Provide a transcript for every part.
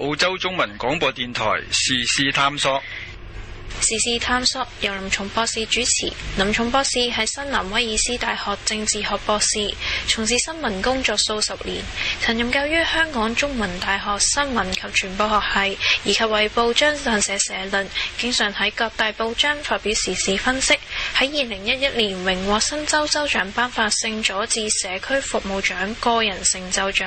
澳洲中文廣播電台時事探索。時事探索由林聰博士主持。林聰博士係新南威爾斯大學政治學博士，從事新聞工作數十年，曾任教於香港中文大學新聞及傳播學系，以及為報章撰寫社，社論，經常喺各大報章發表時事分析。喺二零一一年榮獲新州州長頒發聖佐治社區服務獎個人成就獎，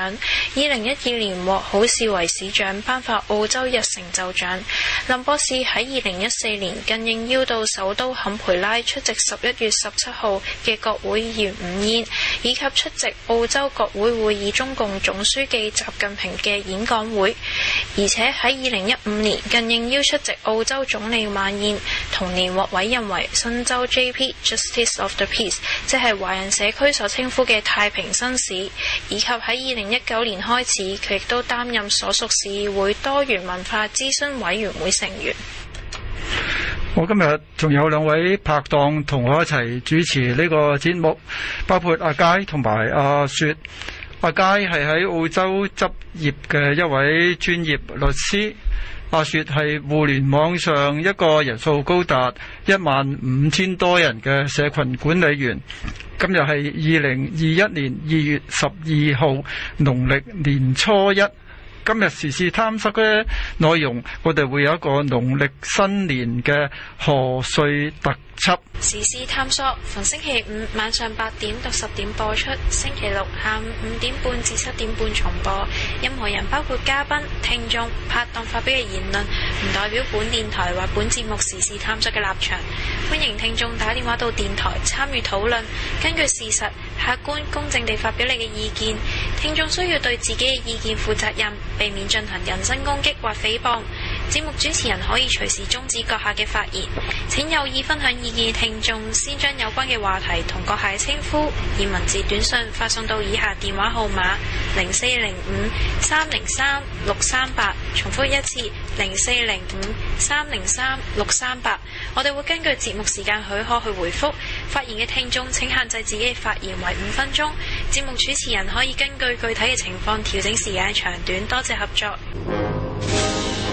二零一二年獲好市圍市長頒發澳洲日成就獎。林博士喺二零一四年。近年更應邀到首都坎培拉出席十一月十七號嘅國會議員午宴，以及出席澳洲國會會議中共總書記習近平嘅演講會，而且喺二零一五年更應邀出席澳洲總理晚宴。同年獲委任為新州 J.P. Justice of the Peace，即係華人社區所稱呼嘅太平紳士，以及喺二零一九年開始，佢亦都擔任所屬市議會多元文化諮詢委員會成員。我今日仲有兩位拍檔同我一齊主持呢個節目，包括阿佳同埋阿雪。阿佳係喺澳洲執業嘅一位專業律師，阿雪係互聯網上一個人數高達一萬五千多人嘅社群管理員。今日係二零二一年二月十二號，農曆年初一。今日時事探索嘅內容，我哋會有一個農曆新年嘅賀歲特。七時事探索逢星期五晚上八點到十點播出，星期六下午五點半至七點半重播。任何人包括嘉賓、聽眾、拍檔發表嘅言論，唔代表本電台或本節目時事探索嘅立場。歡迎聽眾打電話到電台參與討論，根據事實、客觀公正地發表你嘅意見。聽眾需要對自己嘅意見負責任，避免進行人身攻擊或誹謗。節目主持人可以隨時終止閣下嘅發言，請有意分享意見嘅聽眾先將有關嘅話題同閣下嘅稱呼以文字短信發送到以下電話號碼零四零五三零三六三八，38，重複一次零四零五三零三六三八，38，我哋會根據節目時間許可去回覆發言嘅聽眾，請限制自己嘅發言為五分鐘。節目主持人可以根據具體嘅情況調整時間嘅長短，多謝合作。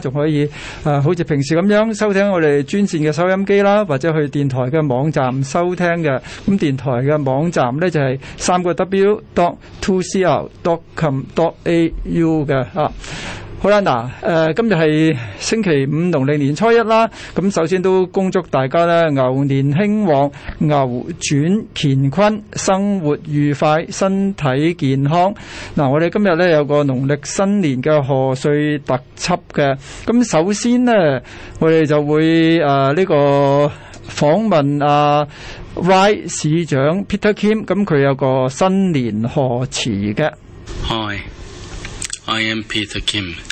仲可以誒、呃，好似平時咁樣收聽我哋專線嘅收音機啦，或者去電台嘅網站收聽嘅。咁電台嘅網站呢，就係三個 W dot two C L dot com dot A U 嘅嚇。啊好啦，嗱，誒，今日係星期五，農曆年初一啦。咁首先都恭祝大家咧牛年興旺、牛轉乾坤、生活愉快、身體健康。嗱，我哋今日咧有個農曆新年嘅賀歲特輯嘅。咁首先咧，我哋就會誒呢個訪問 Ryde 市長 Peter Kim。咁佢有個新年賀詞嘅。Hi，I am Peter Kim。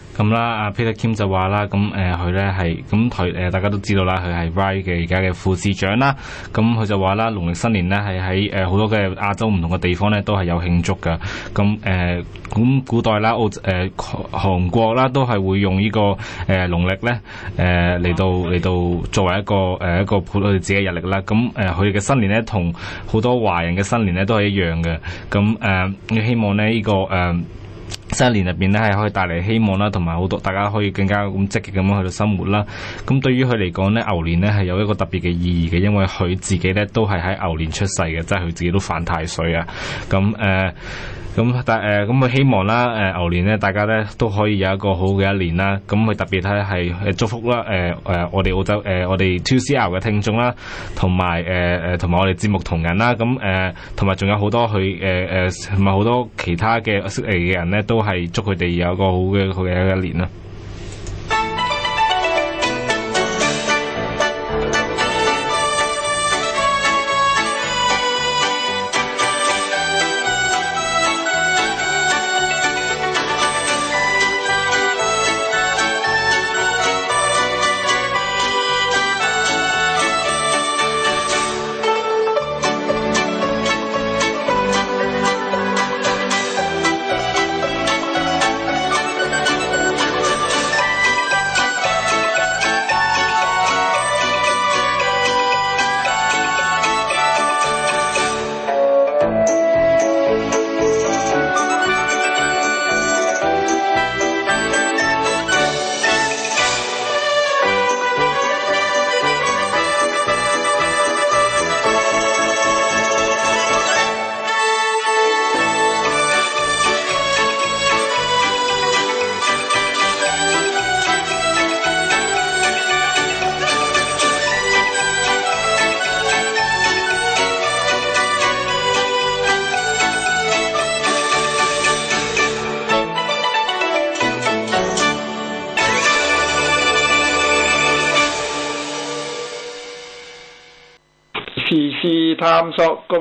咁啦，阿 Peter Kim 就話啦，咁誒佢咧係咁佢誒大家都知道啦，佢係 Ryde 嘅而家嘅副市長啦。咁佢就話啦，農曆新年咧係喺誒好多嘅亞洲唔同嘅地方咧都係有慶祝噶。咁誒咁古代啦，澳誒、呃、韓國啦都係會用呢個誒農曆咧誒嚟到嚟到作為一個誒、呃、一個佢哋自己嘅日曆啦。咁誒佢嘅新年咧同好多華人嘅新年咧都係一樣嘅。咁誒、呃呃，希望咧呢、這個誒。呃新年入面咧係可以帶嚟希望啦，同埋好多大家可以更加咁積極咁樣去到生活啦。咁對於佢嚟講咧，牛年咧係有一個特別嘅意義嘅，因為佢自己咧都係喺牛年出世嘅，即係佢自己都犯太歲啊。咁誒。Uh, 咁、嗯、但誒咁咪希望啦誒牛年咧，大家咧都可以有一個好嘅一年啦。咁、嗯、佢特別睇係祝福啦誒誒、呃、我哋澳洲誒、呃、我哋 Two C L 嘅聽眾啦，同埋誒誒同埋我哋節目同仁啦。咁誒同埋仲有好多佢誒誒同埋好多其他嘅悉尼嘅人咧，都係祝佢哋有一個好嘅佢嘅一年啦。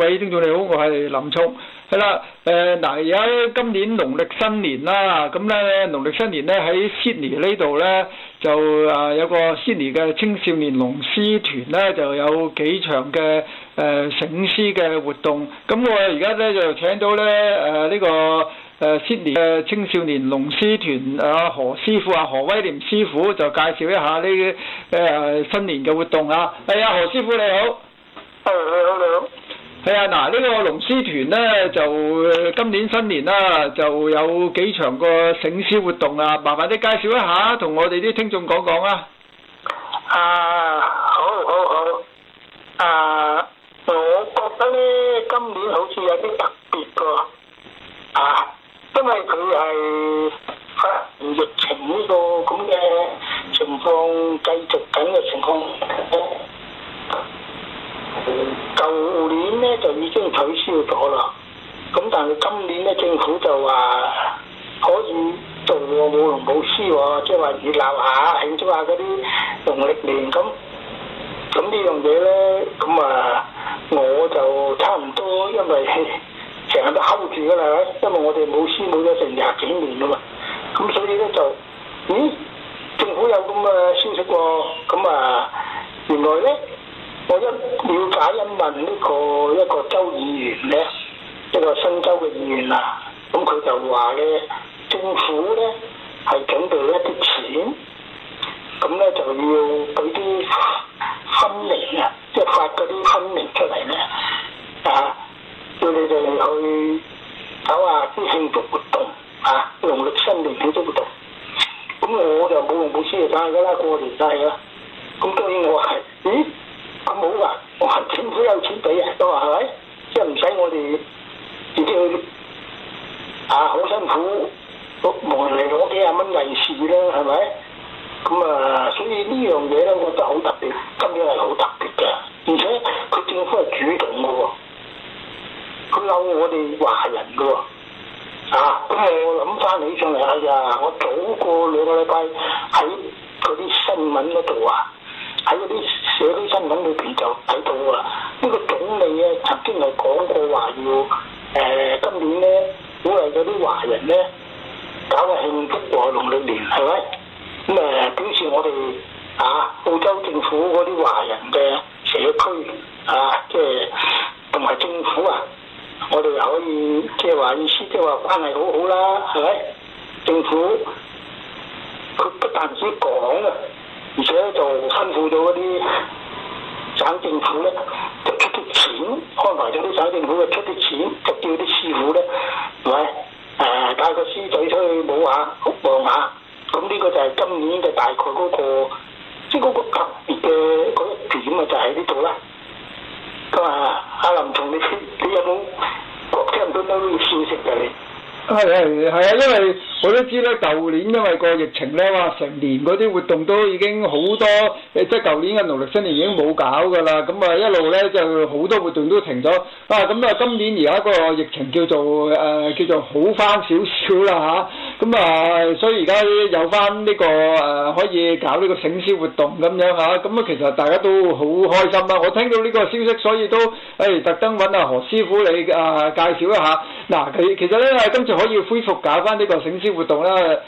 喂，丁總你好，我係林聰係啦，誒嗱而家今年農曆新年啦，咁咧農曆新年咧喺 Sydney 呢度咧就啊有個 Sydney 嘅青少年龍獅團咧就有幾場嘅誒醒獅嘅活動，咁、嗯、我而家咧就請到咧誒呢個誒悉尼嘅青少年龍獅團啊何師傅啊何威廉師傅就介紹一下呢誒、呃、新年嘅活動啊，哎啊，何師傅你好，誒你好你好。係啊，嗱、呢個、呢個龍獅團咧，就今年新年啦、啊，就有幾場個醒獅活動啊！麻煩你介紹一下，同我哋啲聽眾講講啊！啊，好好好，啊，我覺得咧，今年好似有啲特別㗎、啊，啊，因為佢係肺炎疫情呢、呢個咁嘅情況繼續緊嘅情況。啊嗯、舊年咧就已經取消咗啦，咁但係今年咧政府就話可以做個舞龍舞獅，即係話熱鬧下慶祝下嗰啲農曆年咁。咁呢樣嘢咧，咁啊，我就差唔多，因為成日都 hold 住噶啦，因為我哋舞獅舞咗成廿幾年啊嘛，咁所以咧就，咦，政府有咁嘅消息喎，啊，咁啊，原來咧。我一了解一問呢、這個一個州議員咧，一個新州嘅議員啊，咁、嗯、佢就話咧，政府咧係準備一啲錢，咁、嗯、咧、嗯、就要舉啲聲明啊，即係發嗰啲聲明出嚟咧啊，叫你哋去搞下啲慶祝活動啊，農曆新年慶祝活動。咁、啊嗯、我就冇咁冇資格㗎啦，過年曬啦。咁、嗯、當然我係，咦？冇噶，政府有，有錢俾啊，都話係，即係唔使我哋自己去啊，好辛苦，望人哋攞幾廿蚊利是啦，係、嗯、咪？咁啊，所以呢樣嘢咧，我覺得好特別，今年係好特別嘅，而且佢政府係主動嘅喎，佢嬲我哋華人嘅喎，啊，咁、嗯、我諗翻起上嚟，哎呀，我早過兩個兩個禮拜喺嗰啲新聞嗰度啊。喺嗰啲社區新聞裏邊就睇到啦，呢、這個總理啊曾經係講過話要誒、呃、今年咧鼓勵嗰啲華人咧搞個慶祝和農曆年係咪？咁誒、嗯呃、表示我哋啊澳洲政府嗰啲華人嘅社區啊，即係同埋政府啊，我哋又可以即係話意思即係話關係好好啦，係咪？政府佢不但止講嘅。而且就辛苦咗啲省政府咧，就出啲錢，安排咗啲省政府啊出啲錢，就叫啲師傅咧，係咪？誒、呃，帶個師仔出去舞下、好望下，咁、嗯、呢、這個就係今年嘅大概嗰、那個，即係嗰個特別嘅嗰一點啊，就喺呢度啦。咁啊，阿林，同你你有冇聽唔到咩消息㗎你？係係係啊，因為我都知咧，舊年因為個疫情咧，話成年嗰啲活動都已經好多，誒即係舊年嘅農曆新年已經冇搞㗎啦。咁啊一路咧就好多活動都停咗。啊咁啊、嗯，今年而家個疫情叫做誒、呃、叫做好翻少少啦嚇。咁啊、嗯、啊，所以而家有翻呢、這個誒、呃、可以搞呢個醒獅活動咁樣嚇。咁啊、嗯，其實大家都好開心啊。我聽到呢個消息，所以都誒、哎、特登揾阿何師傅你啊介紹一下。嗱、啊，佢其實咧，今次。可以恢復搞翻呢個醒獅活動啦！誒、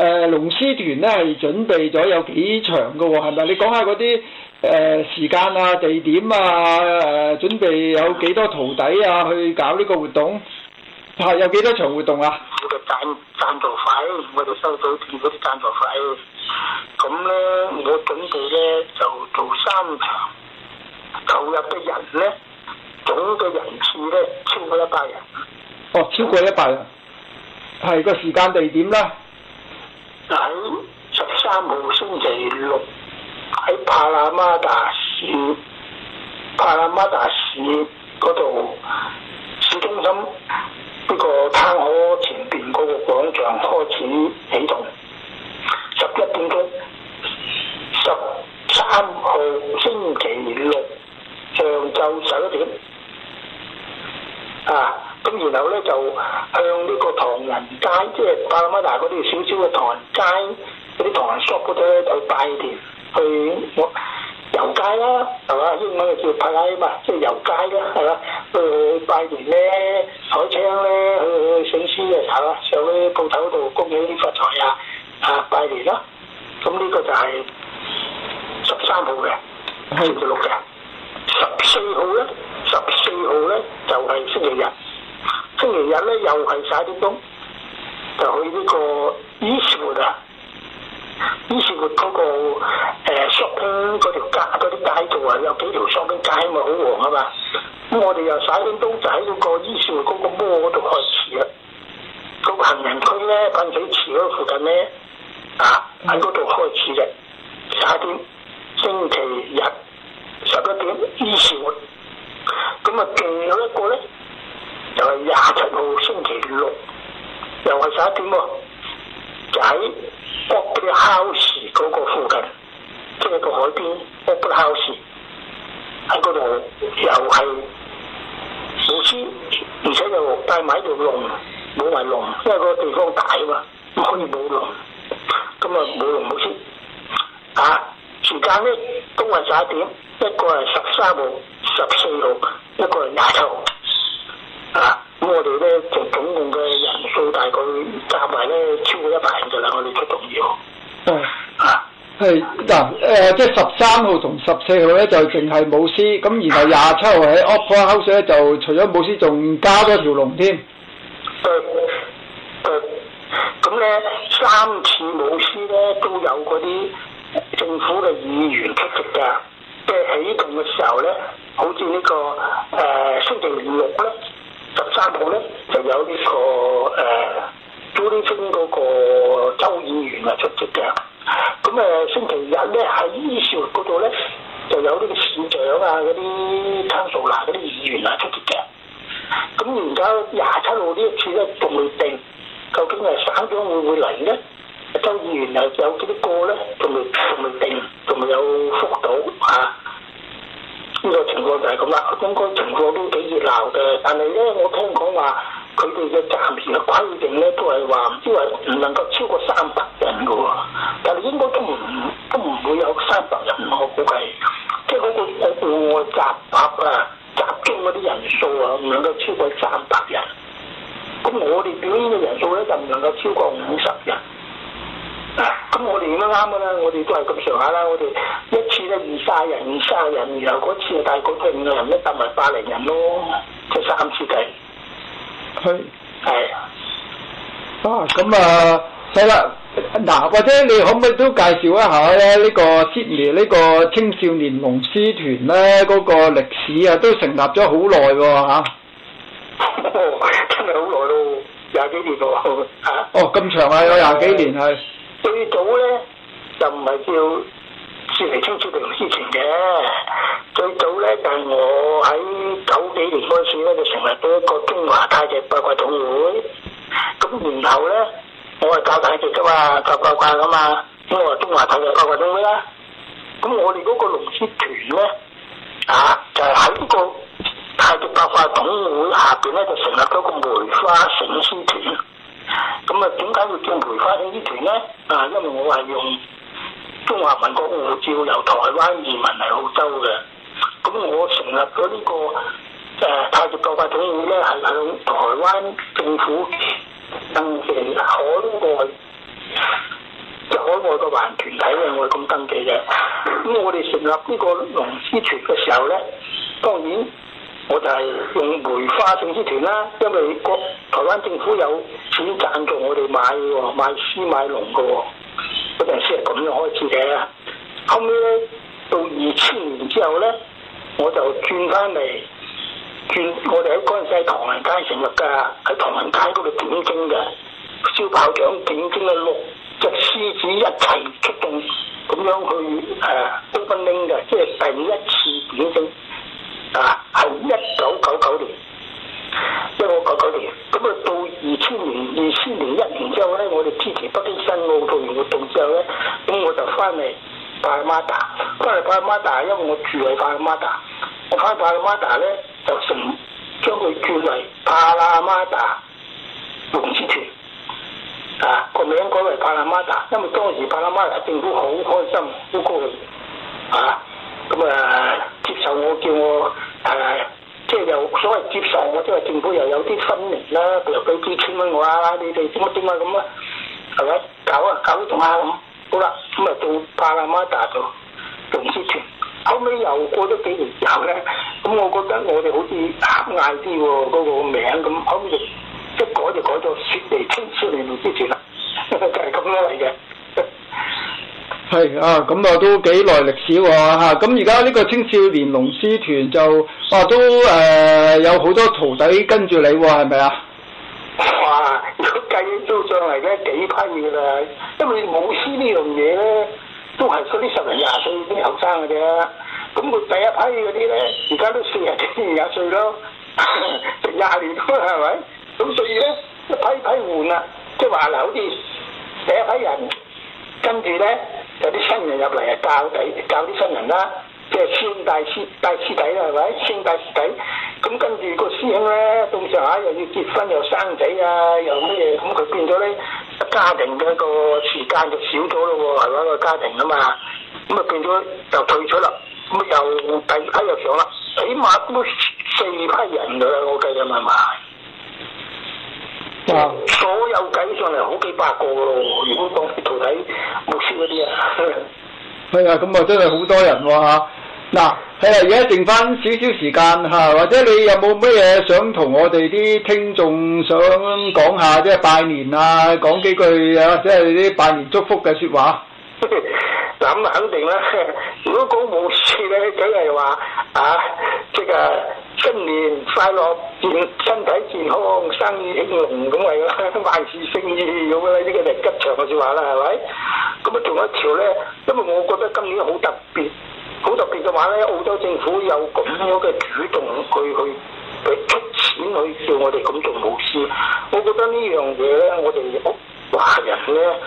呃，龍獅團咧係準備咗有幾場嘅喎、哦，係咪？你講下嗰啲誒時間啊、地點啊、誒、呃、準備有幾多徒弟啊去搞呢個活動？係、啊、有幾多場活動啊？個贊贊助費，我哋收到啲嗰啲贊助費。咁咧，我準備咧就做三場，投入嘅人咧，總嘅人次咧超過一百人。哦，超過一百人。係個時間地點啦，喺十三號星期六喺帕拉馬達市，帕拉馬達市嗰度市中心呢個攤河前邊嗰個廣場開始起動，十一點鐘，十三號星期六上晝十一點啊。咁然後咧就向呢個唐人街，即係柏拉馬達嗰啲少少嘅唐人街嗰啲唐人叔 h 嗰啲咧，就拜年去我遊街啦，係嘛？英文叫 p a r a 嘛，即係遊街啦，係嘛？去，去拜年咧，海青咧，去去醒獅啊，係嘛？上啲鋪頭度恭喜發財啊，啊拜年啦！咁呢個就係十三號嘅星期六嘅，十四號咧，十四號咧就係、是、星期日。星期日咧又係十一點鐘，就去呢個 Eastwood 啊，Eastwood 嗰個誒、呃、shopping 嗰條街嗰啲街道啊，有幾條 shopping 街嘛，好旺啊嘛。咁我哋又十一點鐘就喺嗰個 Eastwood 嗰個摩嗰度開始啦。嗰、那個行人區咧，噴水池嗰附近咧，啊喺嗰度開始嘅十一點，星期日十一點 Eastwood。咁啊，仲有一個咧。就係廿七號星期六，又係十一點喎、啊，就喺屋 Opera House 嗰個附近，即係個海邊 Opera House 喺嗰度，House, 又係舞獅，而且又帶埋條龍，舞埋龍，因為個地方大啊嘛，可以舞龍。咁啊，舞龍舞獅。啊，時間咧都係十一點，一個係十三號、十四號，一個係廿七號。啊！咁我哋咧就總共嘅人數大概加埋咧超過一百人就啦，我哋出動要。嗯。啊。係嗱，誒，即係十三號同十四號咧，就淨係舞獅，咁然後廿七號喺 Opera House 咧，就除咗舞獅，仲加多條龍添。誒誒，咁咧三次舞獅咧都有嗰啲政府嘅議員出席嘅，即係起動嘅時候咧，好似、這個呃、呢個誒星期五六咧。十三號咧就有呢、這個誒，佐敦嗰個州議員啊出席嘅。咁誒、呃、星期日咧喺伊士活嗰度咧就有呢個市長啊、嗰啲坦數拿嗰啲議員啊出席嘅。咁而家廿七號呢一次咧仲未定，究竟係省長會唔會嚟咧？州議員啊有幾多個咧？仲未仲未定，仲未有覆到。嚇、啊。呢個情況就係咁啦，應該情況都幾熱鬧嘅。但係咧，我聽講話佢哋嘅暫時嘅規定咧，都係話唔知話唔能夠超過三百人嘅喎。但係應該都唔都唔會有三百人，我估計，即係個個戶外集合啊，集中嗰啲人數啊，唔能夠超過三百人。咁我哋表演嘅人數咧，就唔能夠超過五十人。咁我哋咁啱噶啦，我哋都係咁上下啦。我哋一次都二卅人，二卅人，然後嗰次大概都五廿人，一百埋百零人咯，即、就是、三次計。係係是、哎、呀啊，咁、嗯、啊，得啦。嗱、啊，或者你可唔可以都介紹一下咧？呢、這個雪梨呢個青少年龍獅團咧，嗰、那個歷史啊都成立咗好耐喎嚇。真係好耐咯，廿幾年度嚇。啊、哦，咁長啊，有廿幾年係。最早咧就唔係叫雪梨青少年龍獅團之前嘅。最早咧就係我喺九幾年開始咧就成立咗一個中華太極八卦總會，咁然後咧我係教太極噶嘛，教八卦噶嘛，咁我係中華太極八卦總會啦，咁我哋嗰個龍獅團咧，啊就係喺個太極八卦總會下邊咧就成立咗個梅花醒獅團。咁啊，點解會叫梅花泳衣團咧？啊、嗯，因為我係用中華民國護照由台灣移民嚟澳洲嘅，咁、嗯、我成立咗、這個呃、呢個誒太極教派團體咧，係向台灣政府登記海外即係海外嘅華人團體嘅。我係咁登記嘅。咁、嗯、我哋成立呢個龍獅團嘅時候咧，當然。我就係用梅花投之團啦，因為國台灣政府有錢贊助我哋買嘅喎，買書買龍嘅喎，嗰陣時係咁樣開始嘅。後尾咧，到二千年之後咧，我就轉翻嚟轉，我哋喺嗰陣時喺唐人街成立噶，喺唐人街嗰度點睛嘅，燒炮仗點睛嘅，六隻獅子一齊出動咁樣去誒東奔西嘅，即係第一次點睛。啊，係一九九九年，一九九九年，咁、嗯、啊到二千年，二千零一年之後咧，我哋支持北京新奧做完活動之後咧，咁、嗯、我就翻嚟帕拉阿媽達，翻嚟帕拉阿媽達，因為我住喺帕拉阿媽達，我翻嚟帕拉阿媽達咧就成將佢叫為帕拉阿媽達龍之團，啊、嗯、個名改為帕拉阿媽達，因為當時帕拉阿媽達政府好開心，好高興，啊！咁啊，接受我叫我誒、呃，即係又所謂接受我，即係政府又有啲分明啦，佢又俾支錢俾我啊，你哋點啊點啊咁啊，係咪？搞啊搞到仲啊咁，好啦，咁啊到帕拉馬達度，做龍獅團，後尾又過咗幾年之後咧，咁我覺得我哋好似慘嗌啲喎，嗰、那個名咁，後尾就一改就改咗雪梨青少年龍獅團就係咁嚟嘅。係啊，咁啊都幾耐歷史喎吓，咁而家呢個青少年龍獅團就啊，都誒、啊啊啊呃、有好多徒弟跟住你喎，係咪啊？是是啊哇，我計起上嚟咧幾批噶啦，因為舞獅呢樣嘢咧都係嗰啲十零廿歲啲後生嘅啫。咁佢第一批嗰啲咧，而家都四廿幾廿歲咯，成、啊、廿年啦係咪？咁所以咧一批一批換啊，即係話好似第一批人。跟住咧，有啲新人入嚟啊，教底教啲新人啦，即係師兄帶師帶師弟啦，係咪？師兄帶師弟，咁跟住個師兄咧，到時候啊又要結婚又生仔啊，又咩嘢？咁佢變咗咧，家庭嘅個時間就少咗咯喎，係咪？個家庭啊嘛，咁啊變咗又退出啦，咁啊又第二批又上啦，起碼都四批人噶啦，我計嘅咪埋。嗱，所有計上嚟好幾百個咯，如果當徒弟、幕師嗰啲啊，係啊，咁啊真係好多人喎嚇。嗱、啊，係啦，而家剩翻少少時間吓，或者你有冇咩嘢想同我哋啲聽眾想講下，即係拜年啊，講幾句啊，即係啲拜年祝福嘅說話。咁 肯定啦，如果講舞獅咧，梗係話啊，即係新年快樂，健身體健康，生意興隆咁嚟嘅，萬事勝意咁啦，呢個係吉祥嘅說話啦，係咪？咁啊，仲有一條咧，因為我覺得今年好特別，好特別嘅話咧，澳洲政府有咁樣嘅主動去，佢去去出錢去叫我哋咁做舞獅。我覺得呢樣嘢咧，我哋。華人咧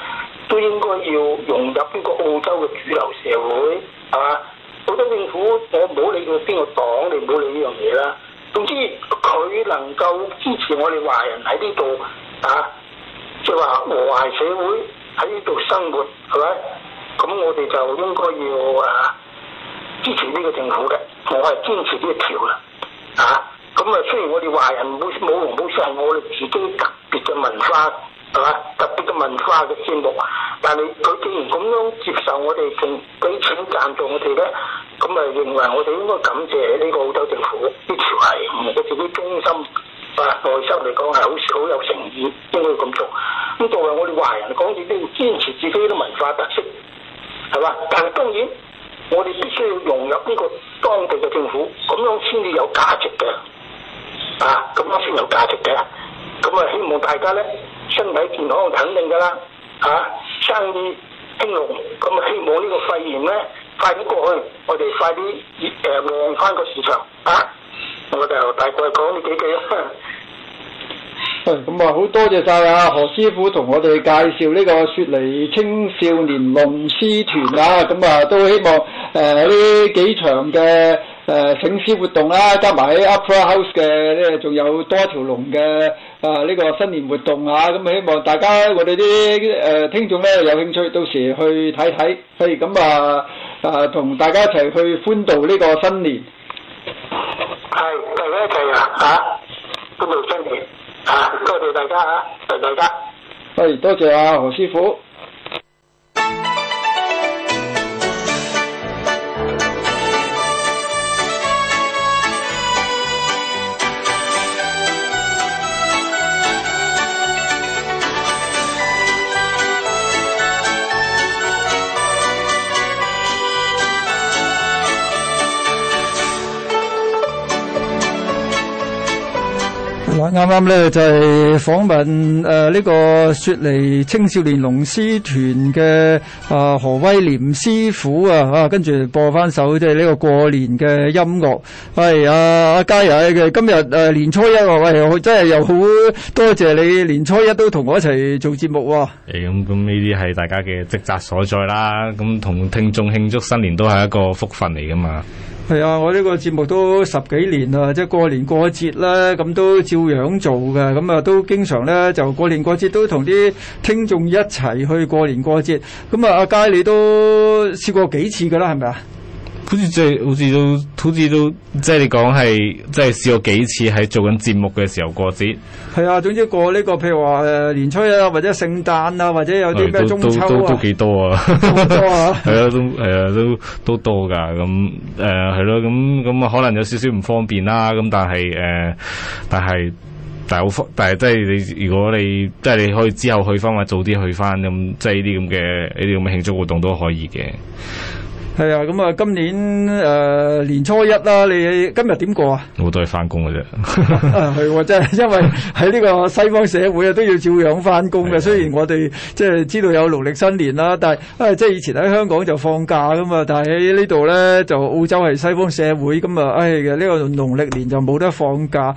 都應該要融入呢個澳洲嘅主流社會，係嘛？澳洲政府我唔好理佢邊個黨，你唔好理呢樣嘢啦。總之佢能夠支持我哋華人喺呢度啊，即係話和諧社會喺呢度生活，係咪？咁我哋就應該要啊支持呢個政府嘅。我係支持呢一條啦，啊咁啊、嗯，雖然我哋華人冇冇唔冇晒我哋自己特別嘅文化。係嘛？特別嘅文化嘅節目，但係佢既然咁樣接受我哋，仲俾錢贊助我哋咧，咁咪認為我哋應該感謝呢個澳洲政府。呢條係唔係？佢自己衷心啊內心嚟講係好好有誠意，應該咁做。咁作為我哋華人講嘢都要堅持自己啲文化特色，係嘛？但係當然，我哋必須要融入呢個當地嘅政府，咁樣先至有價值嘅，啊，咁樣先有價值嘅。咁啊，希望大家咧～身體健康肯定噶啦，嚇、啊、生意興隆，咁啊希望呢個肺炎咧快啲過去，我哋快啲誒旺翻個市場啊！我就大概講呢幾句啦。咁、嗯、啊，好多謝晒啊何師傅同我哋介紹呢個雪梨青少年龍獅團啊。咁啊都希望誒呢、啊、幾場嘅。誒醒獅活動啦、啊，加埋 Upper House 嘅，咧仲有多條龍嘅啊！呢、呃呢個新年活動啊，咁、嗯、希望大家我哋啲誒聽眾咧有興趣，到時去睇睇，嘿咁啊啊、呃呃，同大家一齊去歡度呢個新年。係，大家一齊啊！啊，歡度新年啊！多謝大家啊，謝大家。係、嗯，多謝啊，何師傅。啱啱咧就係、是、訪問誒呢、呃這個雪梨青少年龍獅團嘅啊、呃、何威廉師傅啊吓，跟、啊、住播翻首即係呢個過年嘅音樂。係啊，阿佳人嘅今日誒、呃、年初一喎，喂、呃，真係又好多謝你年初一都同我一齊做節目喎、啊。誒、嗯，咁咁呢啲係大家嘅職責所在啦。咁、嗯、同聽眾慶祝新年都係一個福分嚟噶嘛。係啊，我呢個節目都十幾年啦，即係過年過節啦，咁都照樣做㗎，咁啊都經常呢，就過年過節都同啲聽眾一齊去過年過節，咁啊阿佳你都試過幾次㗎啦，係咪啊？好似即係，好似都，好似都，即係你講係，即係試過幾次喺做緊節目嘅時候過節。係啊，總之過呢、這個譬如話誒、呃、年初啊，或者聖誕啊，或者有啲咩中秋、啊、都，都，都，都幾多啊，多，多啊。係 啊，都係啊，都都，都多㗎咁誒係咯，咁、嗯、咁、呃、啊、嗯嗯、可能有少少唔方便啦，咁但係誒，但係但係好方，但係即係你如果你即係你可以之後去翻或早啲去翻咁，即係呢啲咁嘅呢啲咁嘅慶祝活動都可以嘅。係啊，咁啊，今年誒年初一啦，你今日點過啊？我都係翻工嘅啫，係，真係因為喺呢個西方社會啊，都要照樣翻工嘅。雖然我哋即係知道有農曆新年啦，但係誒即係以前喺香港就放假噶嘛，但係喺呢度咧就澳洲係西方社會，咁啊，誒嘅呢個農曆年就冇得放假，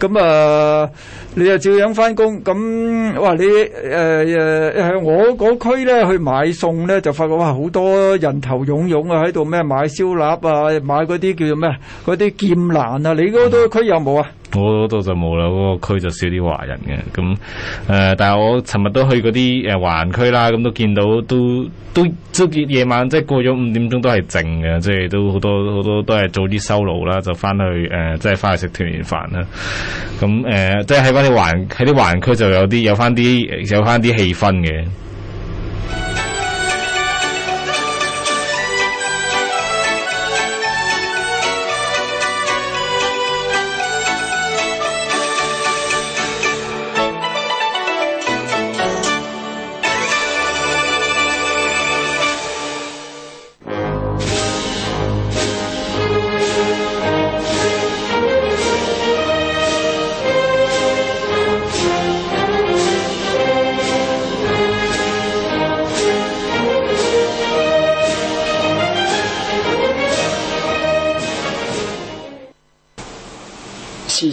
咁啊，你又照樣翻工，咁哇你誒誒喺我嗰區咧去買餸咧，就發覺哇好多人頭湧湧。總啊喺度咩買燒臘啊買嗰啲叫做咩嗰啲劍蘭啊？你嗰個區有冇啊？我嗰度就冇啦，我、嗰個區就少啲華人嘅。咁誒、呃，但係我尋日都去嗰啲誒華人區啦，咁都見到都都即係夜晚即係、就是、過咗五點鐘都係靜嘅，即、就、係、是、都好多好多都係早啲收爐啦，就翻去誒即係翻去食團圓飯啦。咁誒即係喺翻啲環喺啲華人區就有啲有翻啲有翻啲氣氛嘅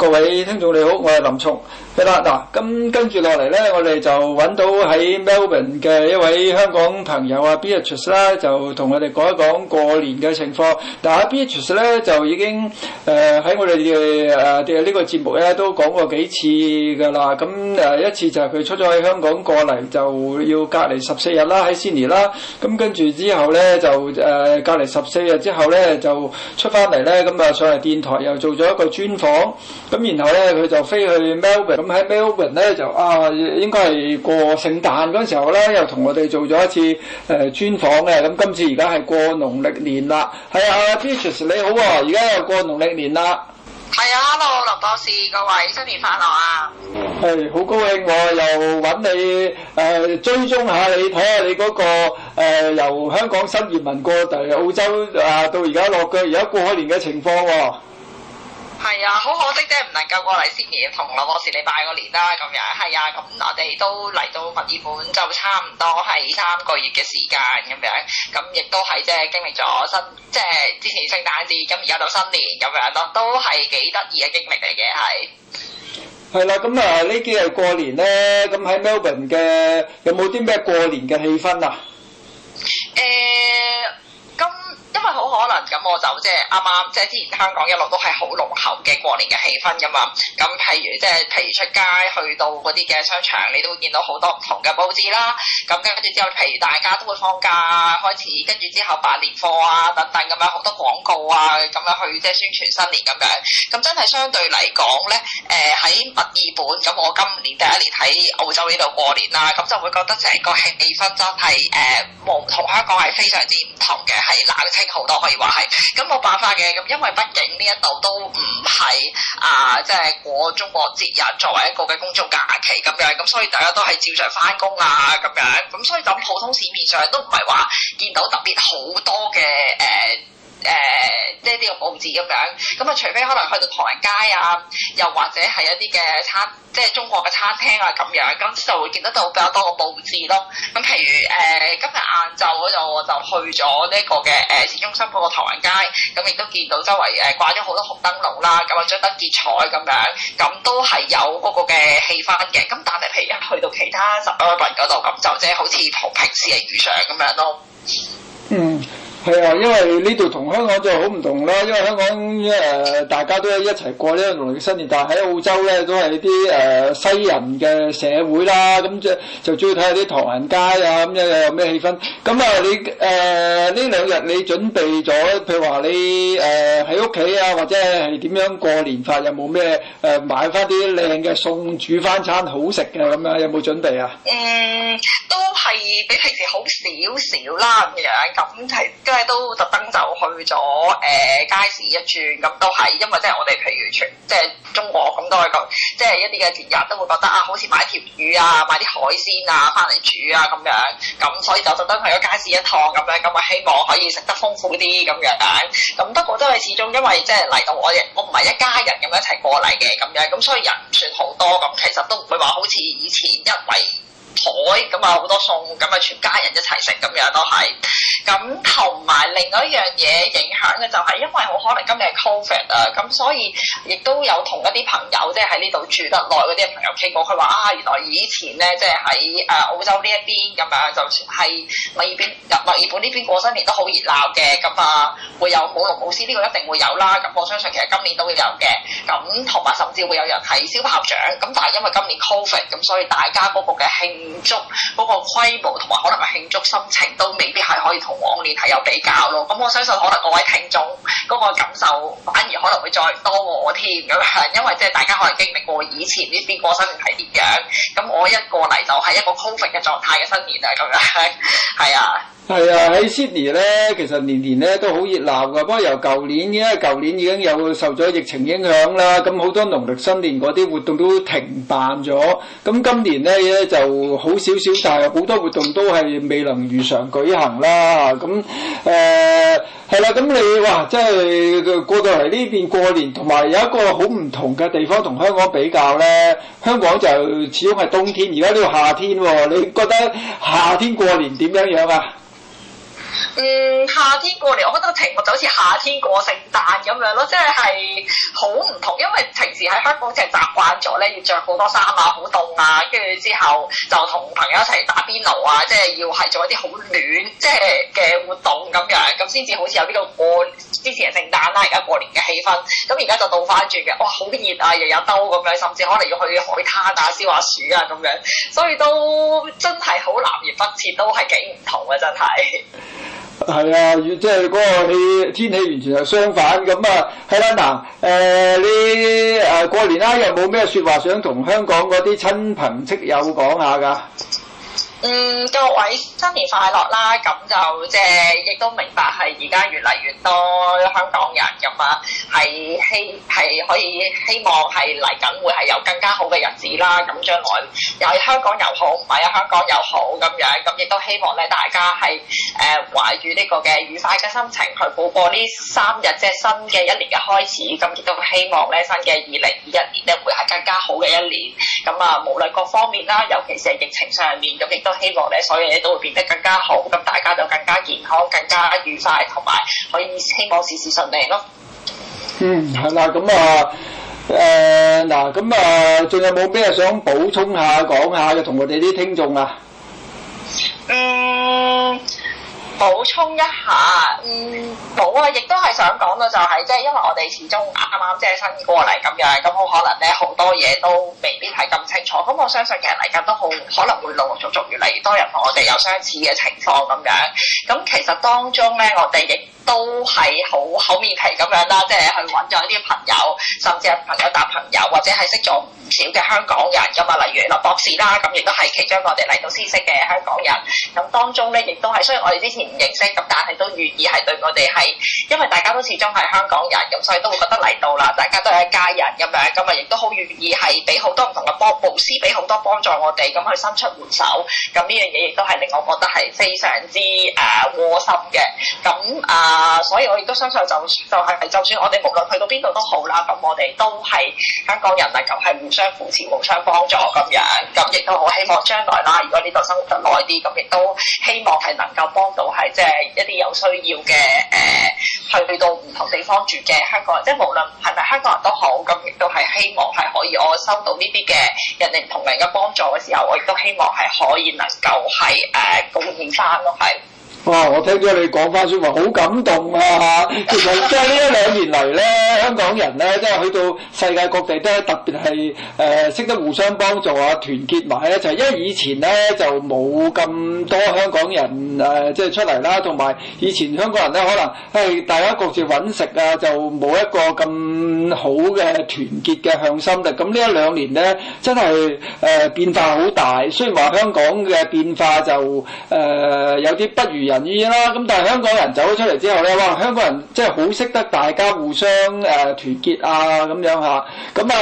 各位聽眾你好，我係林松，得嗱咁跟住落嚟咧，我哋就揾到喺 Melbourne 嘅一位香港朋友啊 Beatrice 啦，rice，就同我哋講一講過年嘅情況。但係 Beatrice 咧就已經誒喺、呃、我哋誒、呃這個、呢個節目咧都講過幾次㗎啦。咁誒、呃、一次就係佢出咗喺香港過嚟，就要隔離十四日啦，喺悉尼啦。咁跟住之後咧就誒、呃、隔離十四日之後咧就出翻嚟咧，咁啊上嚟電台又做咗一個專訪。咁然後咧，佢就飛去 Melbourne，咁喺 Melbourne 咧就啊，應該係過聖誕嗰陣時候咧，又同我哋做咗一次誒、呃、專訪嘅。咁、啊、今次而家係過農曆年啦，係啊 Beatrice,、啊、 你好喎、啊，而家又過農曆年啦。係啊，Hello 林博士，各位新年快樂啊！係好高興我、啊、又揾你誒、呃，追蹤下你睇下你嗰、那個、呃、由香港新移民過嚟澳洲啊，到而家落腳而家過年嘅情況喎、啊。係啊，好可惜啫，唔能夠過嚟悉尼同林博士你拜個年啦，咁樣係啊，咁我哋都嚟到墨爾本就差唔多係三個月嘅時間咁樣，咁亦都係啫經歷咗新，即係之前聖誕節，咁而家到新年咁樣咯，都係、啊、幾得意嘅經歷嚟嘅係。係啦，咁啊呢幾日過年咧，咁喺 Melbourne 嘅有冇啲咩過年嘅氣氛啊？誒、欸。因為好可能咁，我就即係啱啱即係之前香港一路都係好濃厚嘅過年嘅氣氛㗎嘛。咁譬如即係、就是、譬如出街去到嗰啲嘅商場，你都會見到好多唔同嘅佈置啦。咁跟住之後，譬如大家都會放假開始，跟住之後辦年貨啊等等咁樣好多廣告啊咁樣去即係、就是、宣傳新年咁樣。咁真係相對嚟講咧，誒喺墨爾本咁，我今年第一年喺澳洲呢度過年啦，咁就會覺得成個氣氛真係誒冇同香港係非常之唔同嘅，係冷清好多可以話，係咁冇辦法嘅咁，因為畢竟呢一度都唔係啊，即係過中國節日作為一個嘅工作假期咁樣。咁所以大家都係照常翻工啊咁樣。咁所以咁普通市面上都唔係話見到特別好多嘅誒。誒，即係呢個佈置咁樣，咁啊，除非可能去到唐人街啊，又或者係一啲嘅餐，即係中國嘅餐廳啊咁樣，咁就會見得到比較多個佈置咯。咁譬如誒、呃，今日晏晝嗰度我就去咗呢一個嘅誒、呃、市中心嗰個唐人街，咁亦都見到周圍誒掛咗好多紅燈籠啦，咁啊張燈結彩咁樣，咁都係有嗰個嘅氣氛嘅。咁但係譬如去到其他十個郡嗰度，咁就即係好似同平時係遇上咁樣咯。嗯。係啊，因為呢度同香港就好唔同啦，因為香港誒、呃、大家都一齊過呢個農曆新年，但係喺澳洲咧都係啲誒西人嘅社會啦，咁即係就中意睇下啲唐人街啊，咁樣又有咩氣氛。咁啊，你誒呢、呃、兩日你準備咗，譬如話你誒喺屋企啊，或者係點樣過年法？有冇咩誒買翻啲靚嘅餸，煮翻餐好食嘅咁樣？有冇準備啊？嗯，都係比平時好少少啦，咁樣咁就係。都係都特登就去咗誒、呃、街市一轉，咁都係，因為即係我哋譬如全即係、就是、中國咁多係咁，即係、就是、一啲嘅節日都會覺得啊，好似買條魚啊，買啲海鮮啊，翻嚟煮啊咁樣，咁所以就特登去咗街市一趟咁樣，咁啊希望可以食得豐富啲咁樣。咁不過都係始終因為即係嚟到我哋我唔係一家人咁一齊過嚟嘅咁樣，咁所以人唔算好多，咁其實都唔會話好似以前一位。因為海咁啊，好、嗯、多餸，咁、嗯、啊，全家人一齊食咁樣都係，咁同埋另外一樣嘢影響嘅就係，因為好可能今日係 covid 啊，咁、嗯、所以亦都有同一啲朋友，即係喺呢度住得耐嗰啲朋友傾過，佢話啊，原來以前咧，即係喺誒澳洲呢一邊，咁、嗯、樣就係墨爾本入墨爾本呢邊過新年都好熱鬧嘅，咁、嗯、啊，會有舞龍舞獅呢個一定會有啦。咁、啊嗯、我相信其實今年都會有嘅。咁同埋甚至會有人係燒炮仗，咁、嗯、但係因為今年 covid，咁、嗯、所以大家嗰個嘅興。慶祝嗰個規模同埋可能嘅慶祝心情都未必係可以同往年係有比較咯。咁我相信可能各位聽眾嗰個感受反而可能會再多過我添咁，因為即係大家可能經歷過以前呢邊過新年係點樣，咁我一過嚟就係一個 COVID 嘅狀態嘅新年啊咁樣，係啊。係啊，喺 Sydney 咧，其實年年咧都好熱鬧㗎。不過由舊年，因為舊年已經有受咗疫情影響啦，咁好多農曆新年嗰啲活動都停辦咗。咁今年咧，就好少少，但係好多活動都係未能如常舉行啦。咁誒。呃係啦，咁你話，即係過到嚟呢邊過年，同埋有一個好唔同嘅地方同香港比較咧。香港就始終係冬天，而家呢個夏天喎、哦，你覺得夏天過年點樣樣啊？嗯，夏天過年，我覺得個情緒就好似夏天過聖誕咁樣咯，即係好唔同。因為平時喺香港淨係習慣咗咧，要着好多衫啊，好凍啊，跟住之後就同朋友一齊打邊爐啊，即係要係做一啲好暖即係嘅活動咁樣，咁先至好似有呢個過之前係聖誕啦，而家過年嘅氣氛。咁而家就倒翻轉嘅，哇、哦，好熱啊，又有兜咁樣，甚至可能要去海灘啊、燒下嘢啊咁、啊、樣，所以都真係好南轅北轍，都係幾唔同嘅、啊、真係。係啊，即係嗰個氣天氣完全係相反咁啊。係、啊、啦，嗱，誒，你誒過年啦、啊，又有冇咩說話想同香港嗰啲親朋戚友講下噶？嗯，各位新年快樂啦！咁就即係亦都明白係而家越嚟越多香港人咁啊，係希係可以希望係嚟緊會係有更加好嘅日子啦。咁將來又係香港又好，唔係有香港又好咁樣，咁亦都希望咧大家係誒、呃、懷住呢個嘅愉快嘅心情去過過呢三日即係新嘅一年嘅開始。咁亦都希望咧新嘅二零二一年咧會係更加好嘅一年。咁啊，無論各方面啦，尤其是係疫情上面咁亦都。希望咧，所有嘢都會變得更加好，咁大家就更加健康、更加愉快，同埋可以希望事事順利咯。嗯，係啦，咁啊，誒嗱，咁啊，仲有冇咩想補充下講下嘅同我哋啲聽眾啊？嗯。補充一下，嗯，冇啊，亦都係想講到就係、是，即係因為我哋始終啱啱即係新過嚟咁樣，咁好可能咧好多嘢都未必係咁清楚。咁我相信其實嚟緊都好可能會陸陸續續越嚟越多人同我哋有相似嘅情況咁樣。咁其實當中咧，我哋亦都係好厚面皮咁樣啦，即係去揾咗啲朋友，甚至係朋友搭朋友，或者係識咗唔少嘅香港人㗎嘛。例如林博士啦，咁亦都係其中我哋嚟到先識嘅香港人。咁當中咧，亦都係雖然我哋之前，認識咁，但係都願意係對我哋係，因為大家都始終係香港人，咁所以都會覺得嚟到啦，大家都係一家人咁樣，咁啊亦都好願意係俾好多唔同嘅幫，無私俾好多幫助我哋，咁去伸出援手，咁呢樣嘢亦都係令我覺得係非常之誒、呃、窩心嘅。咁啊、呃，所以我亦都相信就就係、是、就算我哋無論去到邊度都好啦，咁我哋都係香港人嚟，咁係互相扶持、互相幫助咁樣，咁亦都好希望將來啦，如果呢度生活得耐啲，咁亦都希望係能夠幫到係即係一啲有需要嘅、誒、呃、去到唔同地方住嘅香港人，即係無論係咪香港人都好，咁亦都係希望係可以我收到呢啲嘅人哋唔同人嘅幫助嘅時候，我亦都希望係可以能夠係誒貢獻翻咯，係、呃。哇！我聽咗你講翻說話好感動啊！其實即係呢一兩年嚟咧，香港人咧，即係去到世界各地都係特別係誒識得互相幫助啊，團結埋咧，就係因為以前咧就冇咁多香港人誒、呃、即係出嚟啦，同埋以前香港人咧可能係大家各自揾食啊，就冇一個咁好嘅團結嘅向心力。咁呢一兩年咧，真係誒、呃、變化好大。雖然話香港嘅變化就誒、呃、有啲不如人意啦，咁但係香港人走咗出嚟之後咧，哇！香港人即係好識得大家互相誒、呃、團結啊，咁樣嚇、啊。咁啊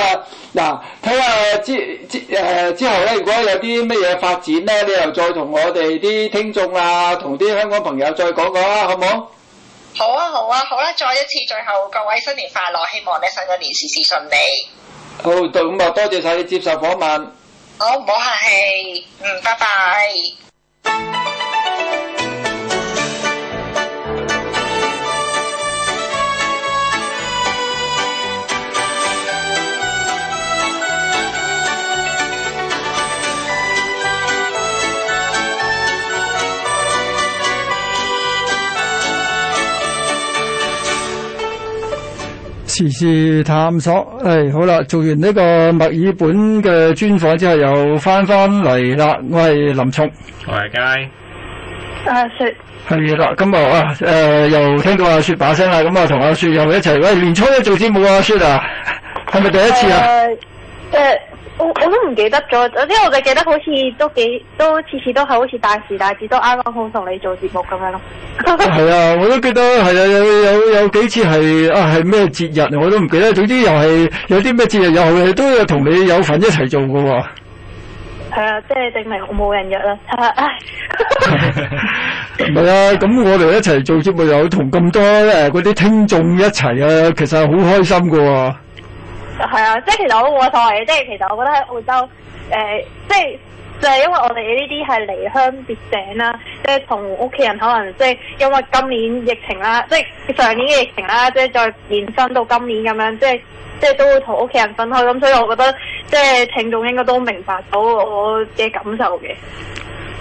嗱，睇下之之誒、呃、之後咧，如果有啲咩嘢發展咧，你又再同我哋啲聽眾啊，同啲香港朋友再講講啦，好唔好？好啊，好啊，好啦、啊，再一次最後，各位新年快樂，希望你新一年事事順利。好，對，咁啊，多謝晒你接受訪問。好，唔好客氣，嗯，拜拜。持續探索，係、哎、好啦！做完呢個墨爾本嘅專訪之後，又翻翻嚟啦。我係林聰，我係 g 阿雪係啦。今日啊，誒、嗯嗯嗯，又聽到阿、啊、雪把聲啦。咁、嗯嗯、啊，同阿雪又一齊。喂，年初一做節目啊，雪啊，係咪第一次啊？一、uh, uh. 我我都唔記得咗，總之我就記得好似都幾都次次都係好似大時大節都啱啱好同你做節目咁樣咯。係 啊，我都記得係啊，有有，有幾次係啊，係咩節日我都唔記得。總之又係有啲咩節日又都同你有份一齊做㗎喎、啊。係啊，即係證明我冇人約啦。唔 係 啊，咁我哋一齊做節目又同咁多誒嗰啲聽眾一齊啊，其實係好開心㗎喎、啊。係啊，即係其實我冇所謂，即係其實我覺得喺澳洲，誒、呃，即係就係因為我哋呢啲係離鄉別井啦，即係同屋企人可能即係因為今年疫情啦，即係上年嘅疫情啦，即係再延伸到今年咁樣，即係即係都會同屋企人分開，咁所以我覺得即係聽眾應該都明白到我嘅感受嘅。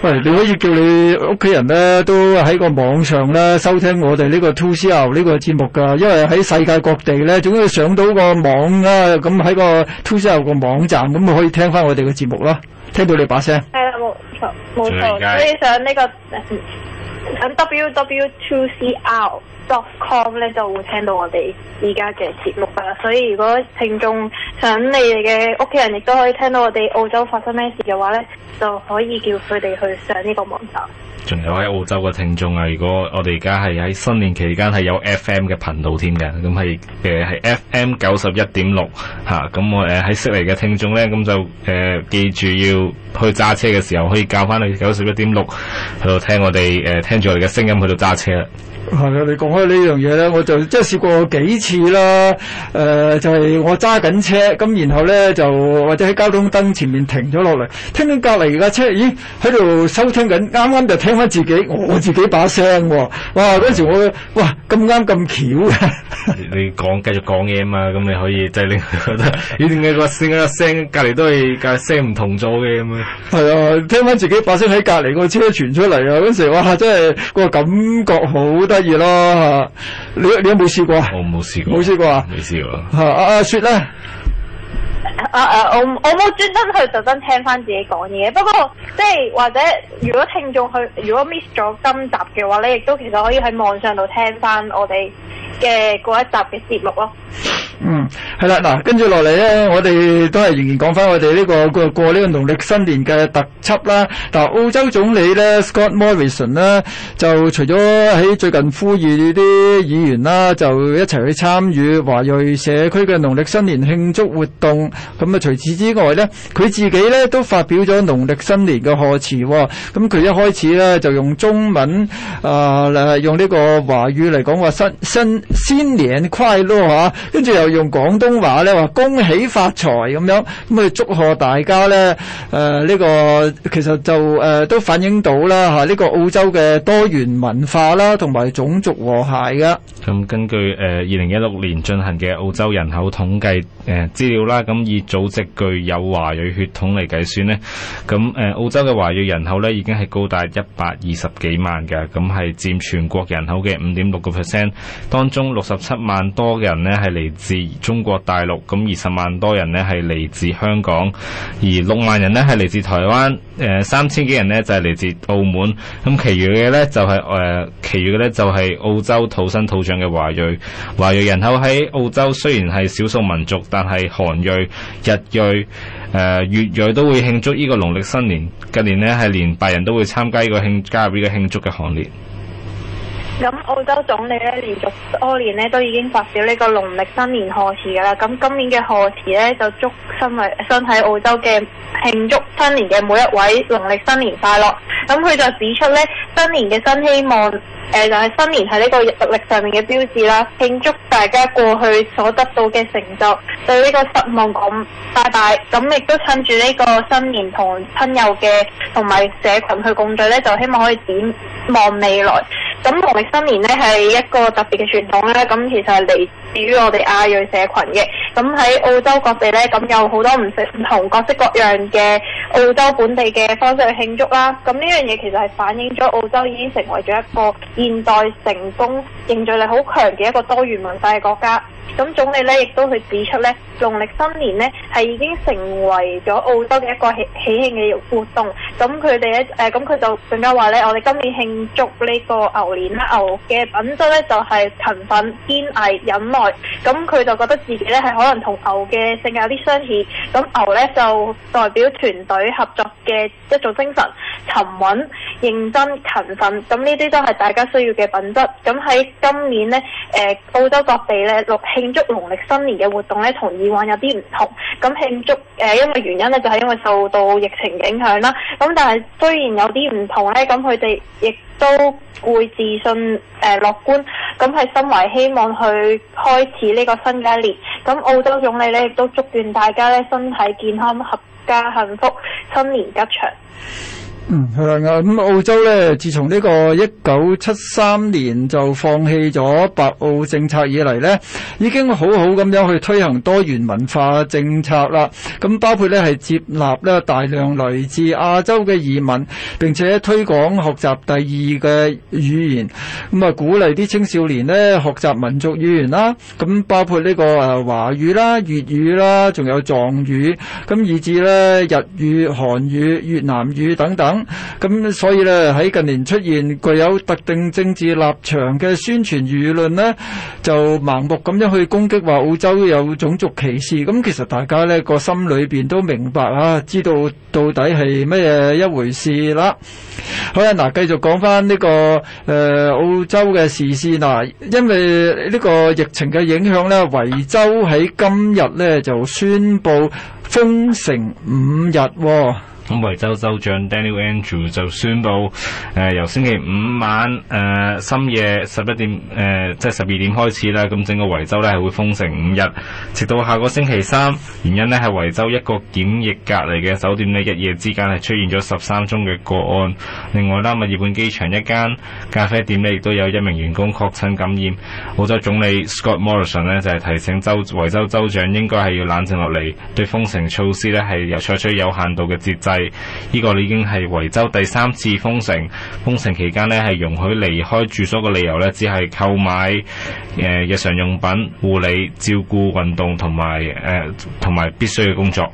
喂，你可以叫你屋企人咧都喺個網上咧收聽我哋呢個 Two C L 呢個節目噶，因為喺世界各地咧，總要上到個網啦、啊，咁喺個 Two C L 個網站咁，咪可以聽翻我哋嘅節目啦。聽到你把聲，係冇錯冇錯，所以上呢個 www.twocl。W w dot com 咧就會聽到我哋依家嘅節目啦，所以如果聽眾想你哋嘅屋企人亦都可以聽到我哋澳洲發生咩事嘅話咧，就可以叫佢哋去上呢個網站。仲有喺澳洲嘅聽眾啊，如果我哋而家係喺新年期間係有 FM 嘅頻道添嘅，咁係誒係 FM 九十一點六吓，咁、啊、我誒喺悉尼嘅聽眾咧，咁就誒、呃、記住要去揸車嘅時候可以較返去九十一點六喺度聽我哋誒、呃、聽住我哋嘅聲音去度揸車啦。係啊，你講開呢樣嘢咧，我就即係試過幾次啦。誒、呃，就係、是、我揸緊車，咁然後咧就或者喺交通燈前面停咗落嚟，聽到隔離架車，咦喺度收聽緊，啱啱就聽翻自己我，我自己把聲喎。哇！嗰時我哇咁啱咁巧啊！ 你講繼續講嘢啊嘛，咁你可以即係你。覺得點解個聲啊聲，隔離都係隔聲唔同咗嘅咁樣。係啊， 聽翻自己把聲喺隔離個車傳出嚟啊！嗰時哇，真係、個感覺好得～不如咯嚇，你你有冇試過啊，啊？我冇試過，冇試過啊！未試過嚇啊啊雪咧啊啊我我冇專登去特登聽翻自己講嘢，不過即係或者如果聽眾去如果 miss 咗今集嘅話咧，你亦都其實可以喺網上度聽翻我哋嘅嗰一集嘅節目咯。嗯，係、這個、啦，嗱，跟住落嚟咧，我哋都係仍然講翻我哋呢個過過呢個農曆新年嘅特輯啦。嗱，澳洲總理咧 Scott Morrison 咧，就除咗喺最近呼籲啲議員啦，就一齊去參與華裔社區嘅農曆新年慶祝活動咁啊、嗯，除此之外咧，佢自己咧都發表咗農曆新年嘅賀詞喎。咁、嗯、佢一開始咧就用中文啊、呃，用呢個華語嚟講話，新新新年快樂吓跟住又，啊用廣東話咧話恭喜發財，咁樣咁去祝賀大家咧，誒呢個其實就誒、呃、都反映到啦，吓呢個澳洲嘅多元文化啦同埋種族和諧噶，咁根據誒二零一六年進行嘅澳洲人口統計誒資料啦，咁以祖籍具有華裔血統嚟計算咧，咁、誒、呃、澳洲嘅華裔人口咧已經係高達一百二十幾萬嘅，咁係佔全國人口嘅五點六個 percent，當中六十七萬多嘅人咧係嚟自中國大陸，咁二十萬多人呢係嚟自香港，而六萬人呢係嚟自台灣，誒、呃、三千幾人呢就係、是、嚟自澳門，咁其餘嘅呢就係、是、誒、呃、其餘嘅呢就係、是、澳洲土生土長嘅華裔。華裔人口喺澳洲雖然係少數民族，但係韓裔、日裔、誒、呃、粵裔都會慶祝呢個農曆新年。近年呢係連白人都會參加呢個慶加入呢個慶祝嘅行列。咁澳洲總理咧，連續多年咧都已經發表呢個農曆新年賀詞噶啦，咁今年嘅賀詞咧就祝身喺澳洲嘅慶祝新年嘅每一位農曆新年快樂。咁佢就指出咧新年嘅新希望，誒就係新年係呢個日曆上面嘅標誌啦，慶祝大家過去所得到嘅成就，對呢個失望講拜拜。咁亦都趁住呢個新年同親友嘅同埋社群去共聚咧，就希望可以展望未來。咁農歴新年咧係一個特別嘅傳統啦，咁其實係嚟於我哋亞裔社群嘅，咁喺澳洲各地呢，咁有好多唔食唔同各式各樣嘅澳洲本地嘅方式去慶祝啦。咁呢樣嘢其實係反映咗澳洲已經成為咗一個現代成功凝聚力好強嘅一個多元文化嘅國家。咁總理呢，亦都去指出呢，農曆新年呢，係已經成為咗澳洲嘅一個喜喜慶嘅活動。咁佢哋呢，誒、呃，咁佢就更加話呢，我哋今年慶祝呢個牛年啦，牛嘅品質呢，就係、是、勤奮、堅毅、忍耐。咁佢、嗯、就覺得自己咧係可能同牛嘅性格有啲相似。咁、嗯、牛咧就代表團隊合作嘅一種精神，沉穩、認真、勤奮，咁呢啲都係大家需要嘅品質。咁、嗯、喺今年呢，誒、呃、澳洲各地咧，六慶祝農曆新年嘅活動咧，同以往有啲唔同。咁、嗯、慶祝誒、呃，因為原因咧，就係、是、因為受到疫情影響啦。咁、嗯、但係雖然有啲唔同咧，咁佢哋亦，都會自信、誒、呃、樂觀，咁係心懷希望去開始呢個新嘅一年。咁澳洲總理咧亦都祝願大家咧身體健康、合家幸福、新年吉祥。嗯，係啊！咁澳洲咧，自從呢個一九七三年就放棄咗白澳政策以嚟咧，已經好好咁樣去推行多元文化政策啦。咁包括咧係接納咧大量來自亞洲嘅移民，並且推廣學習第二嘅語言。咁啊，鼓勵啲青少年咧學習民族語言啦。咁包括呢個誒華語啦、粵語啦，仲有藏語，咁以至咧日語、韓語、越南語等等。咁，所以呢喺近年出現具有特定政治立場嘅宣傳輿論呢，就盲目咁樣去攻擊話澳洲有種族歧視。咁其實大家呢個心裏邊都明白啊，知道到底係乜嘢一回事啦。好啊，嗱，繼續講翻呢個誒、呃、澳洲嘅時事嗱，因為呢個疫情嘅影響呢，維州喺今日呢就宣布封城五日，哦。咁維州州長 Daniel Andrews 就宣布，誒、呃、由星期五晚誒、呃、深夜十一點誒即係十二點開始啦。咁整個維州咧係會封城五日，直到下個星期三。原因咧係維州一個檢疫隔離嘅酒店咧，一夜之間係出現咗十三宗嘅個案。另外啦，墨爾本機場一間咖啡店咧，亦都有一名員工確診感染。澳洲總理 Scott Morrison 咧就係、是、提醒州維州，州州長應該係要冷靜落嚟，對封城措施咧係有採取有限度嘅節制。呢個已經係維州第三次封城，封城期間呢，係容許離開住所嘅理由呢，只係購買誒、呃、日常用品、護理、照顧、運動同埋誒同埋必須嘅工作。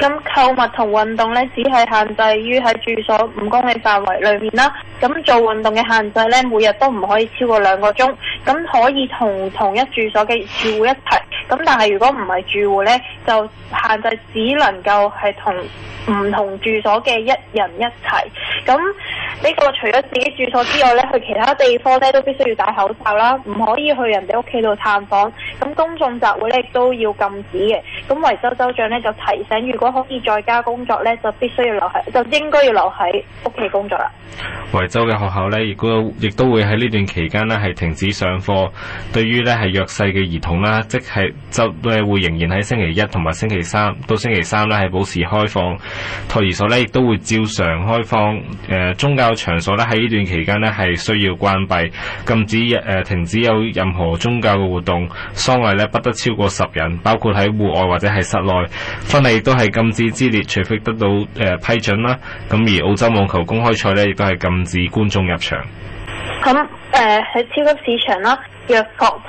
咁購物同運動呢，只係限制於喺住所五公里範圍裏面啦。咁做運動嘅限制呢，每日都唔可以超過兩個鐘。咁可以同同一住所嘅住戶一齊。咁但係如果唔係住戶呢，就限制只能夠係同唔同住所嘅一人一齊。咁呢個除咗自己住所之外呢，去其他地方呢都必須要戴口罩啦，唔可以去人哋屋企度探訪。咁公眾集會呢亦都要禁止嘅。咁維州州長呢就提醒，如果可以在家工作呢，就必須要留喺，就應該要留喺屋企工作啦。維州嘅學校呢，亦都亦都會喺呢段期間呢係停止上課。對於呢係弱勢嘅兒童啦，即係。就咧會仍然喺星期一同埋星期三到星期三呢係保持開放，托兒所呢亦都會照常開放。誒、呃、宗教場所呢喺呢段期間呢係需要關閉，禁止誒、呃、停止有任何宗教嘅活動，喪禮呢不得超過十人，包括喺戶外或者係室內。婚禮都係禁止之列，除非得到誒、呃、批准啦。咁、啊、而澳洲網球公開賽呢亦都係禁止觀眾入場。咁誒喺超級市場啦。藥房，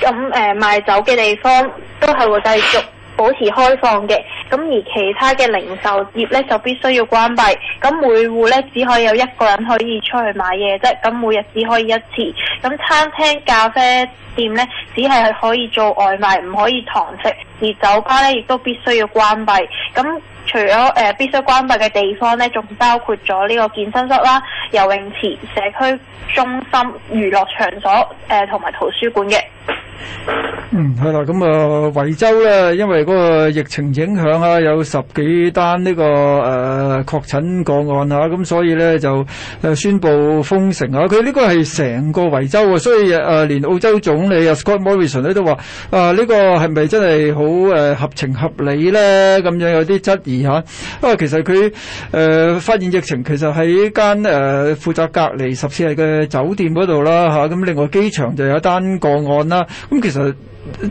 咁誒、呃、賣酒嘅地方都係會繼續保持開放嘅，咁而其他嘅零售業呢，就必須要關閉，咁每戶呢，只可以有一個人可以出去買嘢啫，咁每日只可以一次。咁餐廳、咖啡店呢，只係可以做外賣，唔可以堂食，而酒吧呢，亦都必須要關閉。咁除咗誒必須關閉嘅地方咧，仲包括咗呢個健身室啦、游泳池、社區中心、娛樂場所、誒同埋圖書館嘅。 嗯，係啦，咁啊，維州咧，因為嗰個疫情影響啊，有十幾單呢、這個誒確診個案啊，咁、啊、所以咧就誒宣佈封城啊。佢呢個係成個維州啊，所以誒、啊、連澳洲總理 Scott Morrison 咧都話：誒、啊、呢、這個係咪真係好誒合情合理咧？咁樣有啲質疑吓、啊。因、啊、為其實佢誒、啊、發現疫情，其實喺間誒負責隔離十四日嘅酒店嗰度啦吓，咁、啊、另外機場就有一單個案、啊。啦，咁、嗯、其實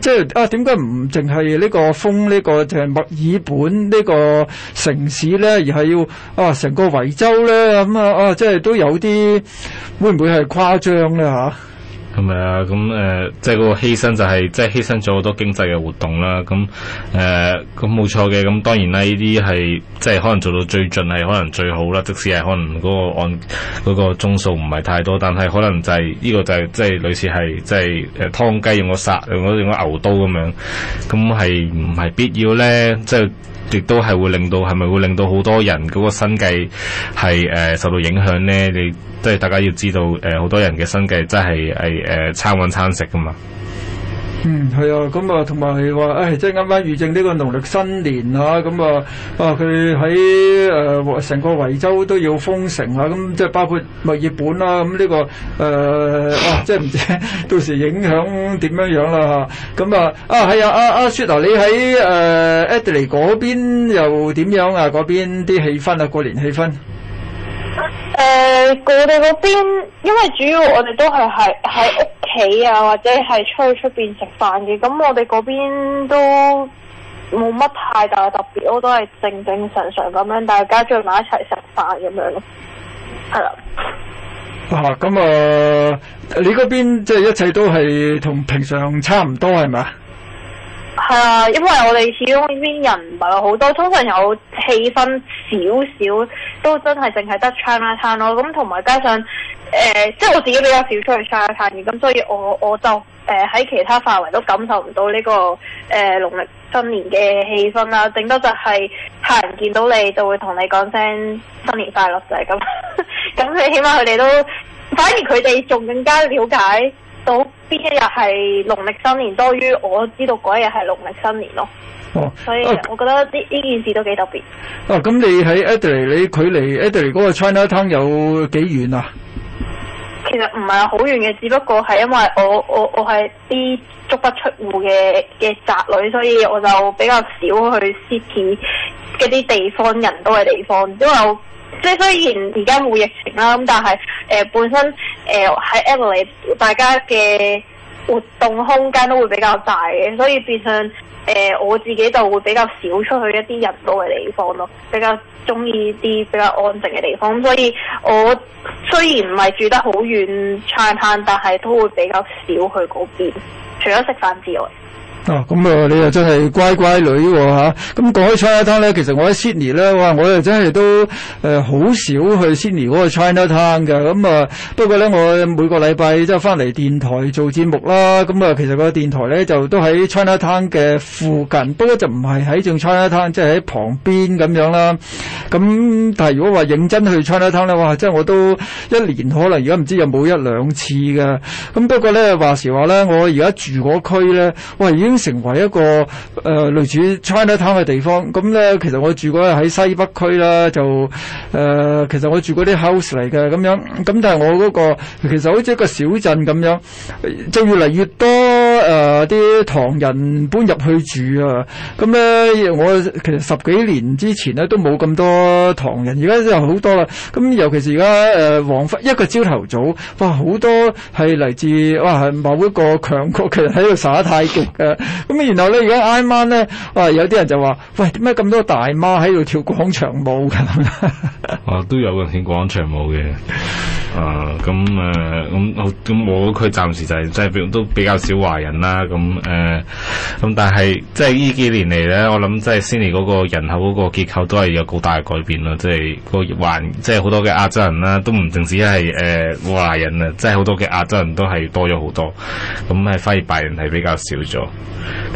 即係啊，點解唔淨係呢個封呢個就係墨爾本呢個城市咧，而係要啊成個維州咧咁啊啊，即、啊、係、啊啊就係、都有啲會唔會係誇張咧吓？啊係咪啊？咁誒、呃，即係嗰個犧牲就係、是，即係犧牲咗好多經濟嘅活動啦。咁誒，咁、呃、冇錯嘅。咁當然啦，呢啲係即係可能做到最盡係可能最好啦。即使係可能嗰個案嗰、那個宗數唔係太多，但係可能就係、是、呢、這個就係、是、即係類似係即係誒劏雞用個殺，用個牛刀咁樣，咁係唔係必要咧？即係。亦都係會令到，係咪會令到好多人嗰個生計係誒、呃、受到影響咧？你即係大家要知道，誒、呃、好多人嘅生計真係係誒餐揾餐食㗎嘛。嗯，係啊，咁啊，同埋話，唉，即係啱啱遇正呢個農曆新年啊，咁啊，啊，佢喺誒成個維州都要封城啊，咁即係包括墨爾本啊。咁呢個誒，即係唔知到時影響點樣樣啦嚇，咁啊，啊係啊，阿阿雪啊，啊雪你喺誒 Adelaide 嗰邊又點樣啊？嗰邊啲氣氛啊，過年氣氛。誒、呃，我哋嗰邊，因為主要我哋都係喺喺企啊，或者係出去出邊食飯嘅，咁我哋嗰邊都冇乜太大特別咯。我都係正正常常咁樣，大家聚埋一齊食飯咁樣咯，係啦。咁啊，嗯，啊，你嗰邊即係一切都係同平常差唔多係咪？係啊，因為我哋始終呢邊人唔係好多，通常有氣氛少少，都真係淨係得 China 餐咯，咁同埋加上。誒、呃，即係我自己比較少出去 China Town 咁，所以我我就誒喺、呃、其他範圍都感受唔到呢、這個誒、呃、農曆新年嘅氣氛啦。頂多就係、是、客人見到你就會同你講聲新年快樂，就係、是、咁。咁你起碼佢哋都反而佢哋仲更加了解到邊一日係農曆新年，多於我知道嗰日係農曆新年咯。哦，所以我覺得呢呢、啊、件事都幾特別。哦、啊，咁你喺 Adley，你距離 Adley、e、嗰個 China Town 有幾遠啊？其實唔係好遠嘅，只不過係因為我我我係啲足不出戶嘅嘅宅女，所以我就比較少去 city 嗰啲地方，人多嘅地方。因為我即係雖然而家冇疫情啦，咁但係誒、呃、本身誒喺 Emily 大家嘅活動空間都會比較大嘅，所以變相。誒、呃、我自己就會比較少出去一啲人多嘅地方咯，比較中意啲比較安靜嘅地方，所以我雖然唔係住得好遠，餐廳，但係都會比較少去嗰邊，除咗食飯之外。啊，咁、嗯、啊、嗯，你又真係乖乖女喎、啊、嚇！咁、啊嗯、講開 China Town 咧，其實我喺 Sydney 咧，哇，我又真係都誒好、呃、少去 Sydney 嗰個 China Town 嘅。咁、嗯、啊，不過咧，我每個禮拜即係翻嚟電台做節目啦。咁、嗯、啊，其實個電台咧就都喺 China Town 嘅附近，不過就唔係喺正 China Town，即係喺旁邊咁樣啦。咁、嗯、但係如果話認真去 China Town 咧，哇，即係我都一年可能而家唔知有冇一兩次嘅。咁、嗯、不過咧話時話咧，我而家住嗰區咧，喂已經。成為一個誒、呃、類似 China Town 嘅地方咁咧、嗯，其實我住過喺西北區啦，就、呃、誒其實我住嗰啲 house 嚟嘅咁樣，咁但係我嗰、嗰個其實好似一個小鎮咁樣、呃，就越嚟越多誒啲、呃、唐人搬入去住啊！咁、嗯、咧、呃，我其實十幾年之前咧都冇咁多唐人，而家真係好多啦。咁、嗯、尤其是而家誒黃昏一個朝頭早，哇，好多係嚟自哇係某一個強國，其實喺度耍太極嘅。 咁啊、嗯，然後咧，而家晏晚咧，哇、啊，有啲人就話：「喂，點解咁多大媽喺度跳廣場舞㗎？」 啊，都有嘅，跳廣場舞嘅。 啊，咁啊，咁咁我佢暫時就係即係都比較少華人啦，咁誒，咁、呃、但係即係呢幾年嚟咧，我諗即係悉尼嗰個人口嗰個結構都係有好大嘅改變咯，即係個華，即係好多嘅亞洲人啦，都唔淨止係誒、呃、華人啊，即係好多嘅亞洲人都係多咗好多，咁係反而白人係比較少咗，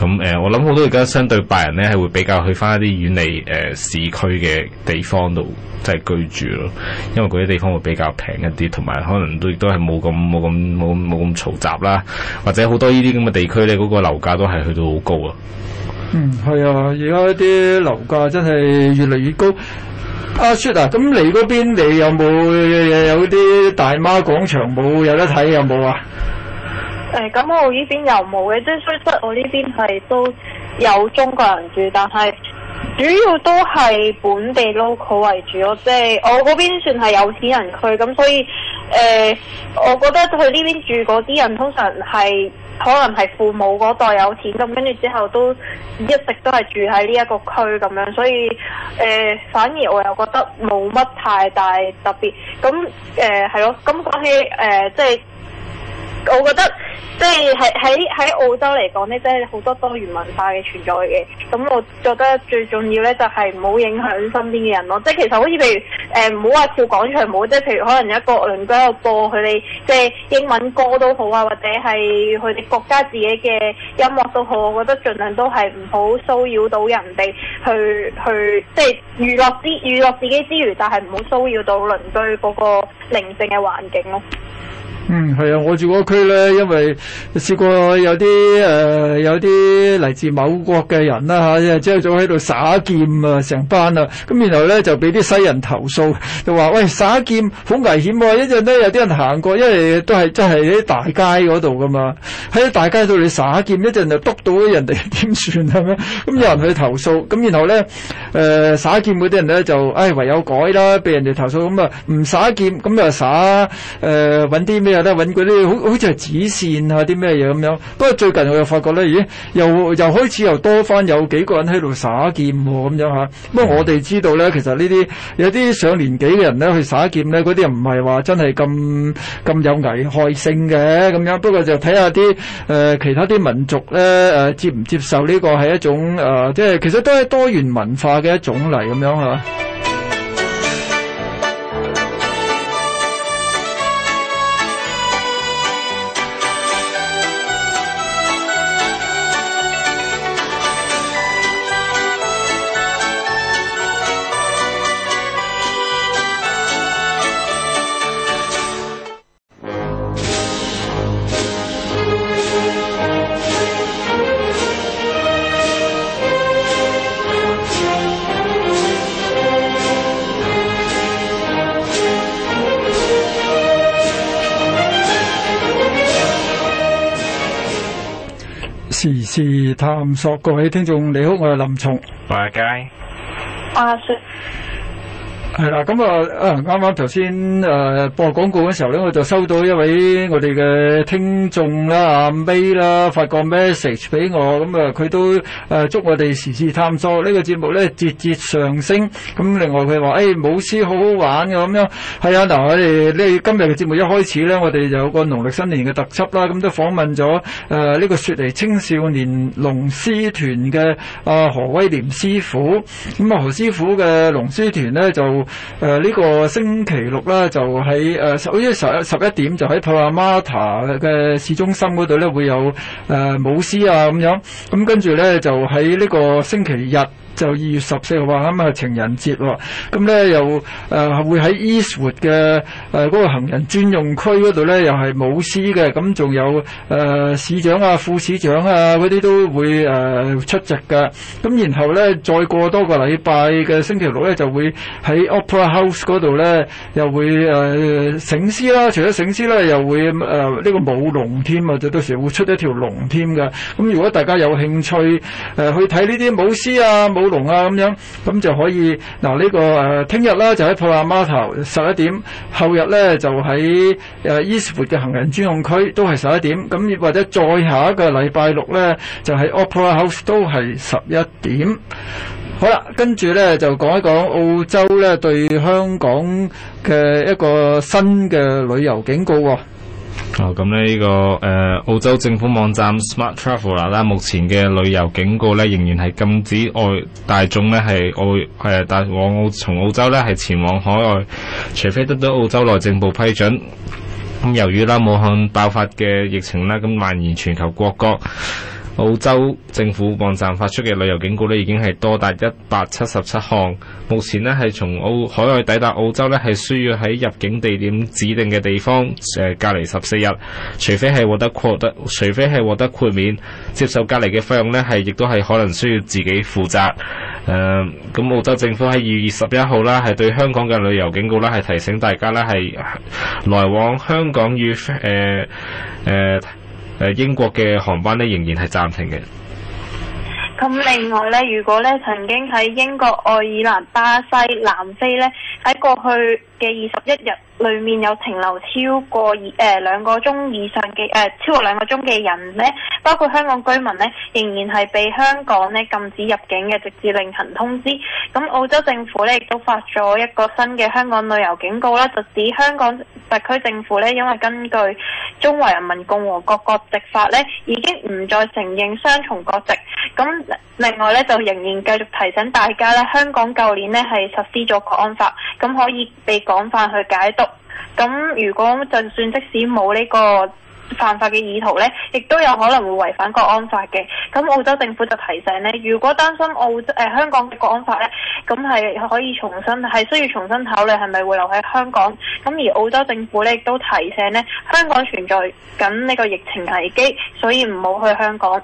咁誒、呃，我諗好多而家相對白人咧係會比較去翻一啲遠離誒、呃、市區嘅地方度即係居住咯，因為嗰啲地方會比較平一啲。同埋可能都亦都係冇咁冇咁冇冇咁嘈雜啦，或者好多呢啲咁嘅地區咧，嗰個樓價都係去到好高啊。嗯，係啊，而家啲樓價真係越嚟越高。阿雪啊，咁你嗰邊你有冇有啲大媽廣場舞有得睇有冇啊？誒，咁我呢邊又冇嘅，即雖則我呢邊係都有中國人住，但係。主要都係本地 local 為主咯，即係我嗰邊算係有錢人區，咁所以誒，我覺得去呢邊住嗰啲人通常係可能係父母嗰代有錢，咁跟住之後都一直都係住喺呢一個區咁樣，所以誒，反而我又覺得冇乜太大特別，咁誒係咯，咁講起誒即係。我覺得即係喺澳洲嚟講呢，即係好多多元文化嘅存在嘅。咁我覺得最重要呢，就係唔好影響身邊嘅人咯。即係其實好似譬如誒，唔好話跳廣場舞，即係譬如可能一個鄰居一個播佢哋即係英文歌都好啊，或者係佢哋國家自己嘅音樂都好。我覺得盡量都係唔好騷擾到人哋去去，即係娛樂之娛樂自己之餘，但係唔好騷擾到鄰居嗰個寧靜嘅環境咯。嗯，係啊，我住嗰區咧，因為試過有啲誒、呃，有啲嚟自某國嘅人啦吓，即係朝早喺度耍劍啊，成班啊，咁、嗯、然後咧就俾啲西人投訴，就話喂，耍劍好危險、啊，一陣咧有啲人行過，因為都係真係喺啲大街度噶嘛，喺大街度你耍劍，一陣就督到人哋點算係咩？咁、嗯嗯嗯嗯嗯、有人去投訴，咁然後咧誒、呃、耍劍啲人咧就誒、哎、唯有改啦，俾人哋投訴，咁啊唔耍劍，咁又耍誒揾啲咩？有得揾嗰啲好好似係紙扇啊啲咩嘢咁樣，不過最近我又發覺咧，咦，又又開始又多翻有幾個人喺度耍劍喎、哦、咁樣嚇。不過我哋知道咧，其實呢啲有啲上年紀嘅人咧去耍劍咧，嗰啲又唔係話真係咁咁有危害性嘅咁樣。不過就睇下啲誒、呃、其他啲民族咧誒、呃、接唔接受呢個係一種誒，即、呃、係其實都係多元文化嘅一種嚟咁樣嚇。時事探索各位聽眾，你好，我係林松。拜拜。華 雪樂。 係啦，咁啊，啊啱啱頭先誒播廣告嗰時候咧，我就收到一位我哋嘅聽眾、啊、啦、阿 May 啦發個 message 俾我，咁啊佢都誒、呃、祝我哋時事探索、這個、節呢個節目咧節節上升。咁、嗯、另外佢話誒舞獅好好玩嘅咁樣。係啊，嗱我哋呢今日嘅節目一開始咧，我哋就有個農曆新年嘅特輯啦，咁、嗯、都訪問咗誒呢個雪梨青少年龍獅團嘅啊何威廉師傅。咁、嗯、啊何師傅嘅龍獅團咧就～誒，呢、呃這個星期六咧就喺誒，好、呃、似十一十,十一點就喺 Parramatta 嘅市中心嗰度咧會有誒舞獅啊咁樣，咁、嗯、跟住咧就喺呢個星期日。就二月十四號啊，啱啊情人節喎，咁、嗯、咧又誒、呃、會喺 Eastwood 嘅誒、呃那個行人專用區度咧，又係舞獅嘅，咁、嗯、仲有誒、呃、市長啊、副市長啊啲都會誒、呃、出席嘅。咁然後咧，再過多個禮拜嘅星期六咧，就會喺 Opera House 度咧，又會誒醒獅啦，除咗醒獅咧，又會誒呢、呃這個舞龍添啊，就到時會出一條龍添嘅。咁、嗯、如果大家有興趣誒、呃、去睇呢啲舞獅啊、舞古龍啊咁樣，咁就可以嗱呢個誒，聽日啦就喺普亞碼頭十一點，後日咧就喺誒 Eastwood 嘅行人專用區都係十一點，咁或者再下一個禮拜六咧就喺 Opera House 都係十一點。好啦，跟住咧就講一講澳洲咧對香港嘅一個新嘅旅遊警告。 哦，咁呢、這個誒、呃，澳洲政府網站 Smart Traveller 啦、er, 啊，目前嘅旅遊警告呢，仍然係禁止外大眾呢係澳誒，但、呃、往澳從澳洲呢係前往海外，除非得到澳洲內政部批准。咁、啊、由於啦、啊、武漢爆發嘅疫情啦，咁、啊、蔓延全球各國，國。澳洲政府網站發出嘅旅遊警告咧，已經係多達一百七十七項。目前呢，係從澳海外抵達澳洲呢，係需要喺入境地點指定嘅地方誒、呃、隔離十四日，除非係獲得豁得，除非係獲得豁免，接受隔離嘅費用呢，係亦都係可能需要自己負責。誒、呃、咁澳洲政府喺二月十一號啦，係對香港嘅旅遊警告啦，係提醒大家啦，係來往香港與誒誒。呃呃誒，英國嘅航班咧仍然係暫停嘅。咁另外咧，如果咧曾經喺英國、愛爾蘭、巴西、南非咧喺過去嘅二十一日，裡面有停留超過二誒兩個鐘以上嘅誒、呃、超過兩個鐘嘅人咧，包括香港居民咧，仍然係被香港咧禁止入境嘅，直至另行通知。咁、嗯、澳洲政府咧亦都發咗一個新嘅香港旅遊警告啦，就指香港特區政府咧，因為根據中華人民共和國國籍法咧，已經唔再承認雙重國籍。咁、嗯、另外咧就仍然繼續提醒大家咧，香港舊年咧係實施咗國安法，咁、嗯、可以被廣泛去解讀。咁如果就算即使冇呢個犯法嘅意圖呢，亦都有可能會違反國安法嘅。咁澳洲政府就提醒呢，如果擔心澳洲、呃、香港嘅國安法呢，咁係可以重新，係需要重新考慮係咪會留喺香港。咁而澳洲政府呢，亦都提醒呢，香港存在緊呢個疫情危機，所以唔好去香港。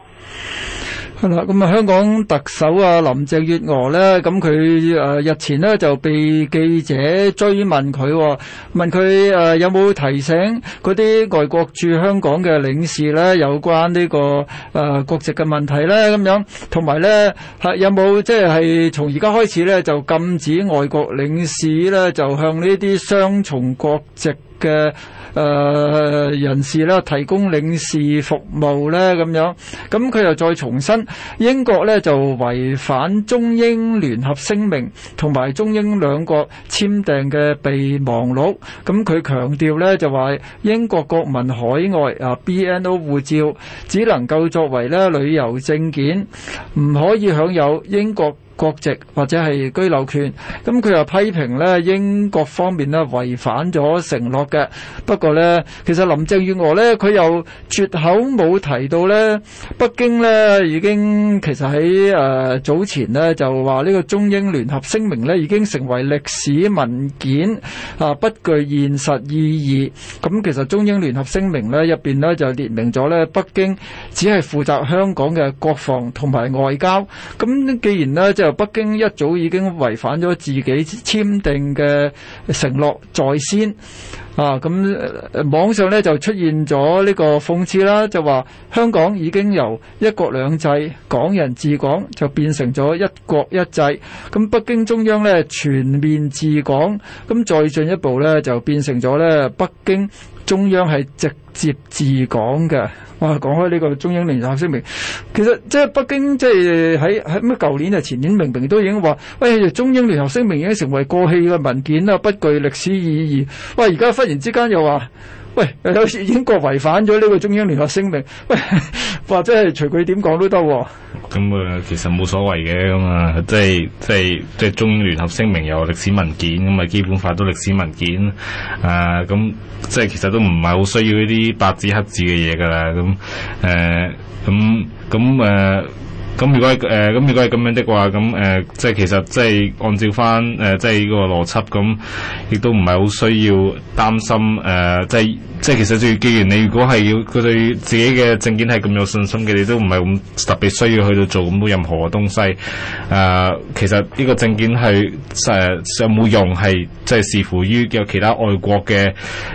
咁啊、嗯，香港特首啊，林鄭月娥呢，咁佢誒日前呢就被記者追問佢、哦，問佢誒、呃、有冇提醒嗰啲外國駐香港嘅領事呢有關呢、呢個誒、呃、國籍嘅問題呢，咁樣，同埋呢，係、啊、有冇即係從而家開始呢就禁止外國領事呢就向呢啲雙重國籍。嘅誒、呃、人士咧，提供領事服務咧，咁樣，咁佢又再重申，英國咧就違反中英聯合聲明同埋中英兩國簽訂嘅備忘錄，咁佢強調咧就話英國國民海外啊 BNO 護照只能夠作為咧旅遊證件，唔可以享有英國，國籍或者係居留權，咁佢又批評咧英國方面咧違反咗承諾嘅。不過咧，其實林鄭月娥咧佢又絕口冇提到咧北京咧已經其實喺誒早前咧就話呢個中英聯合聲明咧已經成為歷史文件啊，不具現實意義。咁其實中英聯合聲明咧入邊咧就列明咗咧北京只係負責香港嘅國防同埋外交。咁既然咧即北京一早已經違反咗自己簽訂嘅承諾在先啊！咁、啊、網上咧就出現咗呢個諷刺啦，就話香港已經由一國兩制，港人治港就變成咗一國一制。咁北京中央咧全面治港，咁再進一步咧就變成咗咧北京中央係直。接字講嘅，哇！講開呢個中英聯合聲明，其實即係北京即係喺喺乜舊年啊前年，明明都已經話，喂、哎！中英聯合聲明已經成為過氣嘅文件啦，不具歷史意義。哇！而家忽然之間又話。喂，英國違反咗呢個中英聯合聲明，喂，或者係隨佢點講都得喎、啊。咁啊、嗯，其實冇所謂嘅咁啊，即係即係即係中英聯合聲明有歷史文件，咁啊基本法都歷史文件，啊、呃，咁、嗯、即係其實都唔係好需要呢啲白紙黑字嘅嘢㗎啦，咁、嗯、誒，咁咁誒。嗯嗯嗯嗯嗯咁如果係誒，咁如果係咁樣的話，咁誒、呃、即係其實即係按照翻誒、呃、即係呢個邏輯，咁亦都唔係好需要擔心誒、呃、即係即係其實即既然你如果係要佢對自己嘅證件係咁有信心嘅，你都唔係咁特別需要去到做咁多任何嘅東西。誒、呃、其實呢個證件係誒有冇用，係即係視乎於叫其他外國嘅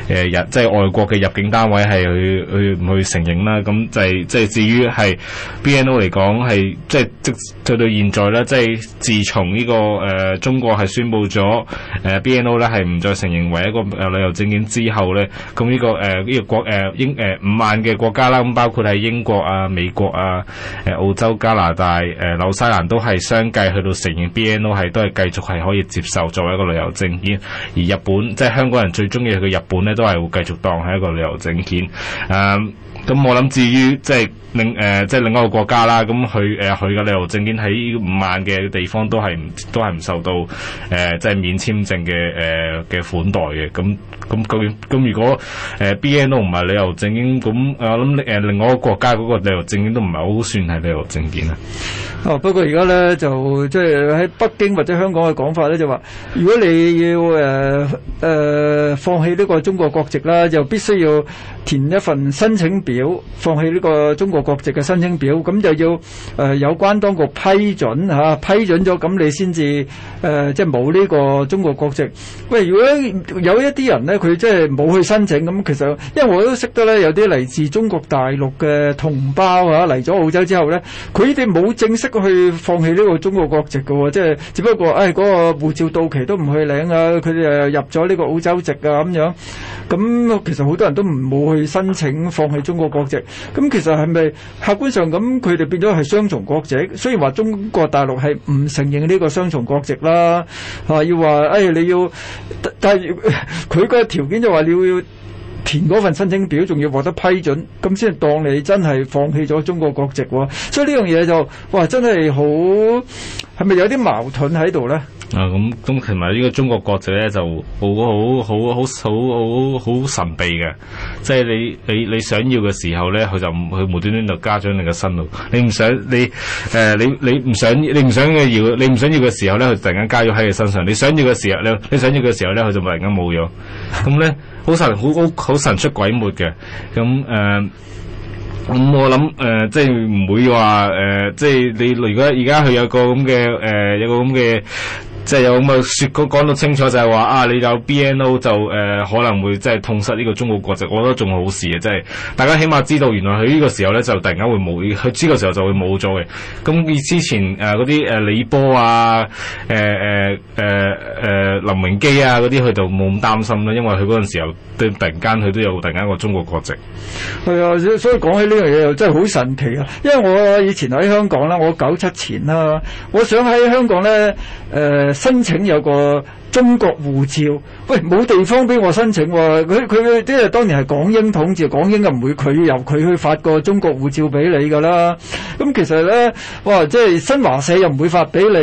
誒人，即係外國嘅入境單位係去去唔去，去承認啦。咁就係、是、即係至於係 BNO 嚟講係。即係即到到現在咧，即係自從呢、這個誒、呃、中國係宣布咗誒、呃、BNO 咧係唔再承認為一個誒旅遊證件之後咧，咁呢、這個誒呢、呃這個國誒、呃、英誒、呃、五眼嘅國家啦，咁包括係英國啊、美國啊、誒、呃、澳洲、加拿大、誒、呃、紐西蘭都係相繼去到承認 BNO 係都係繼續係可以接受作為一個旅遊證件，而日本即係香港人最中意去嘅日本咧，都係會繼續當係一個旅遊證件。嗯、呃。咁、嗯、我諗，至於即係另誒，即係另、呃、另一個國家啦。咁佢誒佢嘅旅遊證件喺五眼嘅地方都係唔都係唔受到誒、呃、即係免簽證嘅誒嘅款待嘅。咁、嗯、咁、嗯、究竟？咁、嗯呃、如果誒 B N 都唔係旅遊證件，咁我諗誒另外一個國家嗰個旅遊證件都唔係好算係旅遊證件啦。哦，不過而家咧就即係喺北京或者香港嘅講法咧，就話如果你要誒誒、呃呃、放棄呢個中國國籍啦，就必須要。填一份申請表，放棄呢個中國國籍嘅申請表，咁就要誒、呃、有關當局批准吓、啊、批准咗咁你先至誒即係冇呢個中國國籍。喂，如果有一啲人咧，佢即係冇去申請，咁其實因為我都識得咧，有啲嚟自中國大陸嘅同胞嚇嚟咗澳洲之後咧，佢哋冇正式去放棄呢個中國國籍嘅，即係只不過誒、哎嗰個護照到期都唔去領啊，佢哋誒入咗呢個澳洲籍啊咁樣咁其實好多人都唔冇去。去申請放棄中國國籍，咁其實係咪客觀上咁佢哋變咗係雙重國籍？雖然話中國大陸係唔承認呢個雙重國籍啦，啊要話誒、哎、你要，但係佢個條件就話你要。填嗰份申請表，仲要獲得批准，咁先當你真係放棄咗中國國籍喎。所以呢樣嘢就哇，真係好，係咪有啲矛盾喺度咧？啊，咁咁同埋呢個中國國籍咧，就好好好好好好好神秘嘅。即係你你你想要嘅時候咧，佢就佢無，無端端就加咗喺你個身度。你唔想你誒、呃、你你唔想你唔想要嘅時候咧，佢突然間加咗喺你身上。你想要嘅時候咧，你想要嘅時候咧，佢就突然間冇咗。咁咧。好神，好好好神出鬼沒嘅，咁、嗯、誒，咁、嗯嗯、我諗誒、呃，即係唔會話誒、呃，即係你如果而家佢有個咁嘅誒，有個咁嘅。即係有咁嘅説講講到清楚就，就係話啊，你有 BNO 就誒、呃、可能會即係痛失呢個中國國籍，我覺得仲好事啊！即係大家起碼知道原來佢呢個時候咧，就突然間會冇佢，知個時候就會冇咗嘅。咁之前誒嗰啲誒李波啊、誒誒誒誒林榮基啊嗰啲，佢就冇咁擔心啦，因為佢嗰陣時候都突然間佢都有突然間一個中國國籍。係啊，所以講起呢樣嘢又真係好神奇啊！因為我以前喺香港啦，我九七前啦，我想喺香港咧誒。呃申請有個中國護照，喂，冇地方俾我申請喎。佢佢啲係當年係港英統治，港英又唔會拒由佢去發個中國護照俾你㗎啦。咁其實咧，哇，即係新華社又唔會發俾你。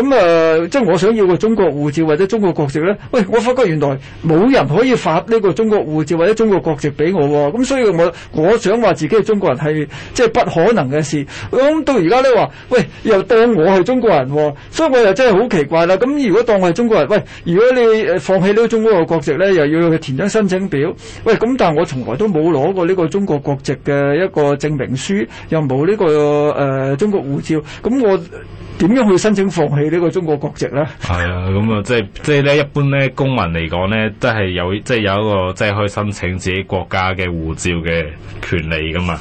咁啊，即係我想要個中國護照或者中國國籍咧，喂，我發覺原來冇人可以發呢個中國護照或者中國國籍俾我喎。咁所以我，我我想話自己係中國人係即係不可能嘅事。咁到而家咧話喂，又當我係中國人，所以我又真係好奇怪。嗱，咁如果當我係中國人，喂，如果你誒放棄呢個中國嘅國籍咧，又要去填張申、申請表，喂，咁但係我從來都冇攞過呢個中國國籍嘅一個證明書，又冇呢、呢個誒、呃、中國護照，咁我點樣去申請放棄呢個中國國籍咧？係啊、哎，咁啊、即係，即係即係咧，一般咧公民嚟講咧，都係有即係有一個即係可以申請自己國家嘅護照嘅權利噶嘛。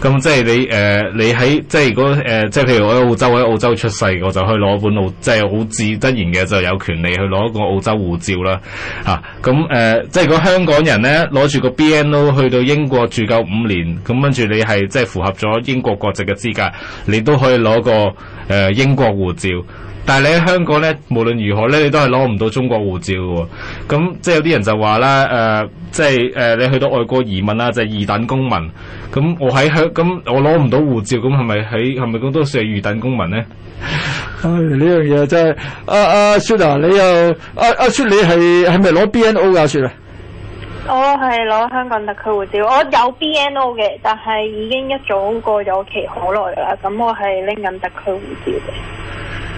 咁即係你誒、呃，你喺即係如果誒，即、呃、係譬如我喺澳洲喺澳洲出世，我就可以攞本澳即係好自。得然嘅就有權利去攞個澳洲護照啦，吓咁誒，即係如果香港人咧攞住個 B N O 去到英國住夠五年，咁跟住你係即係符合咗英國國籍嘅資格，你都可以攞個誒、呃、英國護照。但係你喺香港咧，無論如何咧，你都係攞唔到中國護照嘅。咁、嗯、即係有啲人就話啦，誒、呃，即係誒、呃，你去到外國移民啦，就係、二等公民。咁、嗯、我喺香，咁、嗯、我攞唔到護照，咁係咪喺係咪咁都算係二等公民咧？唉，呢樣嘢真係，阿阿雪啊，你又，阿阿雪你係係咪攞 B N O 噶雪啊？啊是是 NO、我係攞香港特區護照，我有 B N O 嘅，但係已經一早過咗期好耐啦。咁我係拎緊特區護照嘅。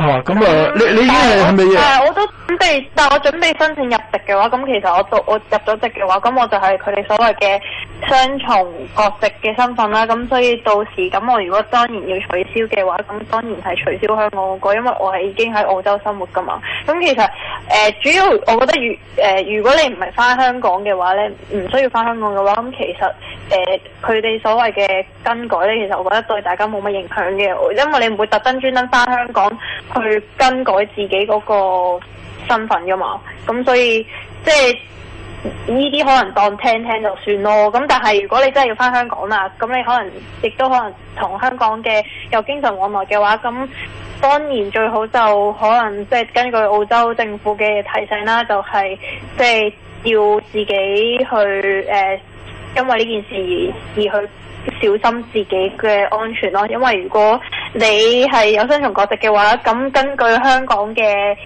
咁啊！啊嗯、你你已經係咪啊？我都準備，但我準備申請入籍嘅話，咁其實我讀我入咗籍嘅話，咁我就係佢哋所謂嘅雙重國籍嘅身份啦。咁所以到時咁，我如果當然要取消嘅話，咁當然係取消香港嗰個，因為我係已經喺澳洲生活噶嘛。咁其實誒、呃，主要我覺得如誒、呃，如果你唔係翻香港嘅話咧，唔需要翻香港嘅話，咁其實誒，呃，佢哋所謂嘅更改咧，其實我覺得對大家冇乜影響嘅，因為你唔會特登專登翻香港。去更改自己嗰個身份噶嘛，咁所以即係呢啲可能當聽聽就算咯。咁但係如果你真係要翻香港啦，咁你可能亦都可能同香港嘅有經常往來嘅話，咁當然最好就可能即係、即係、根據澳洲政府嘅提醒啦，就係即係要自己去誒、呃，因為呢件事而，而去。小心自己嘅安全咯，因為如果你係有雙重國籍嘅話，咁根據香港嘅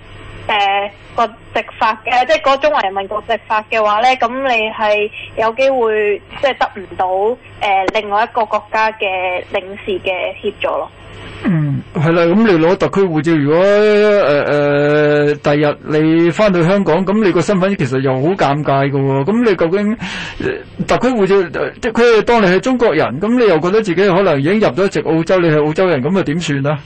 誒國籍法嘅，即係嗰中華人民國籍法嘅話呢，咁你係有機會即係得唔到誒、呃、另外一個國家嘅領事嘅協助咯。嗯，係啦，咁你攞特區護照，如果誒誒第日你翻到香港，咁你個身份其實又好尷尬噶，咁你究竟特區護照，佢係當你係中國人，咁你又覺得自己可能已經入咗籍澳洲，你係澳洲人，咁啊點算啊？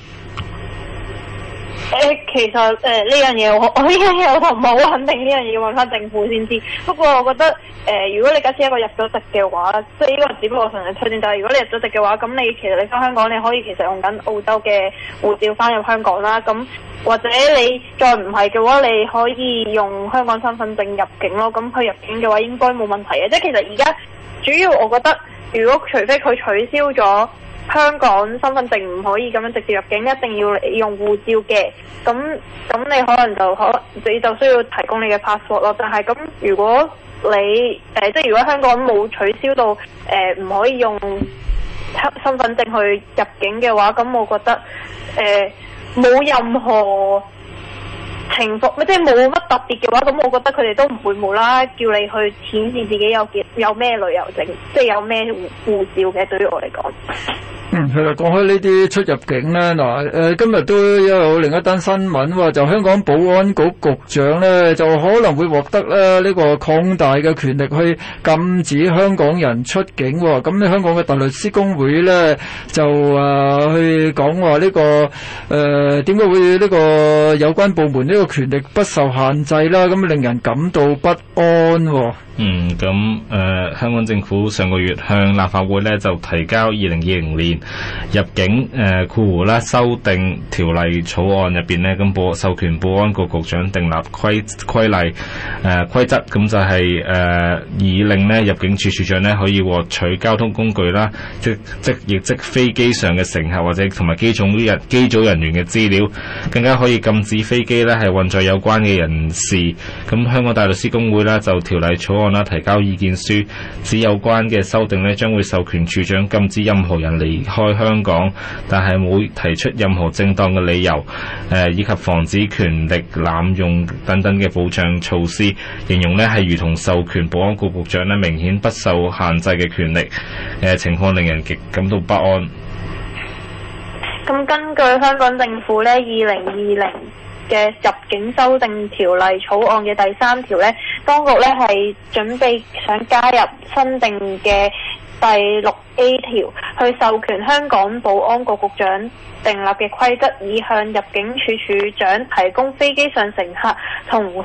誒、呃，其實誒呢樣嘢，我我依家，又同唔係好肯定呢樣嘢，要問翻政府先知。不過我覺得誒、呃，如果你假設一個入咗籍嘅話，即係呢個只不過純粹推薦就係、是、如果你入咗籍嘅話，咁你其實你翻香港你可以其實用緊澳洲嘅護照翻入香港啦。咁或者你再唔係嘅話，你可以用香港身份證入境咯。咁佢入境嘅話應該冇問題嘅。即係其實而家主要我覺得，如果除非佢取消咗。香港身份證唔可以咁樣直接入境，一定要用護照嘅。咁咁你可能就可，你就需要提供你嘅 passport 咯。但係咁，如果你誒、呃、即係如果香港冇取消到誒唔、呃、可以用身份證去入境嘅話，咁我覺得誒冇、呃、任何。平服即係冇乜特別嘅話，咁我覺得佢哋都唔會無啦，叫你去顯示自己有幾有咩旅遊證，即係有咩護護照嘅。對於我嚟講。嗯，其實講開呢啲出入境呢，嗱、呃、誒，今日都有另一單新聞、啊、就香港保安局局長呢，就可能會獲得咧呢、呢個擴大嘅權力去禁止香港人出境咁咧，啊、香港嘅大律師公會呢，就啊去講話呢、呢個誒點解會呢個有關部門呢個權力不受限制啦，咁、啊啊、令人感到不安、啊、嗯，咁誒、呃，香港政府上個月向立法會呢，就提交二零二零年入境誒括弧咧，修訂條例草案入邊咧，咁保授權保安局局長訂立規規例誒、呃、規則，咁就係、是、誒、呃、以令咧入境處處長咧可以獲取交通工具啦，即即亦即飛機上嘅乘客或者同埋機組人機組人員嘅資料，更加可以禁止飛機咧係運載有關嘅人士。咁香港大律師公會啦，就條例草案啦提交意見書，指有關嘅修訂咧將會授權處長禁止任何人離。開香港，但係冇提出任何正當嘅理由，誒、呃、以及防止權力濫用等等嘅保障措施，形容呢係如同授權保安局局長呢明顯不受限制嘅權力，誒、呃、情況令人極感到不安。咁根據香港政府呢，二零二零嘅入境修訂條例草案嘅第三條呢，當局呢係準備想加入新定嘅。第六 A 條，去授權香港保安局局長訂立嘅規則，以向入境處處長提供飛機上乘客同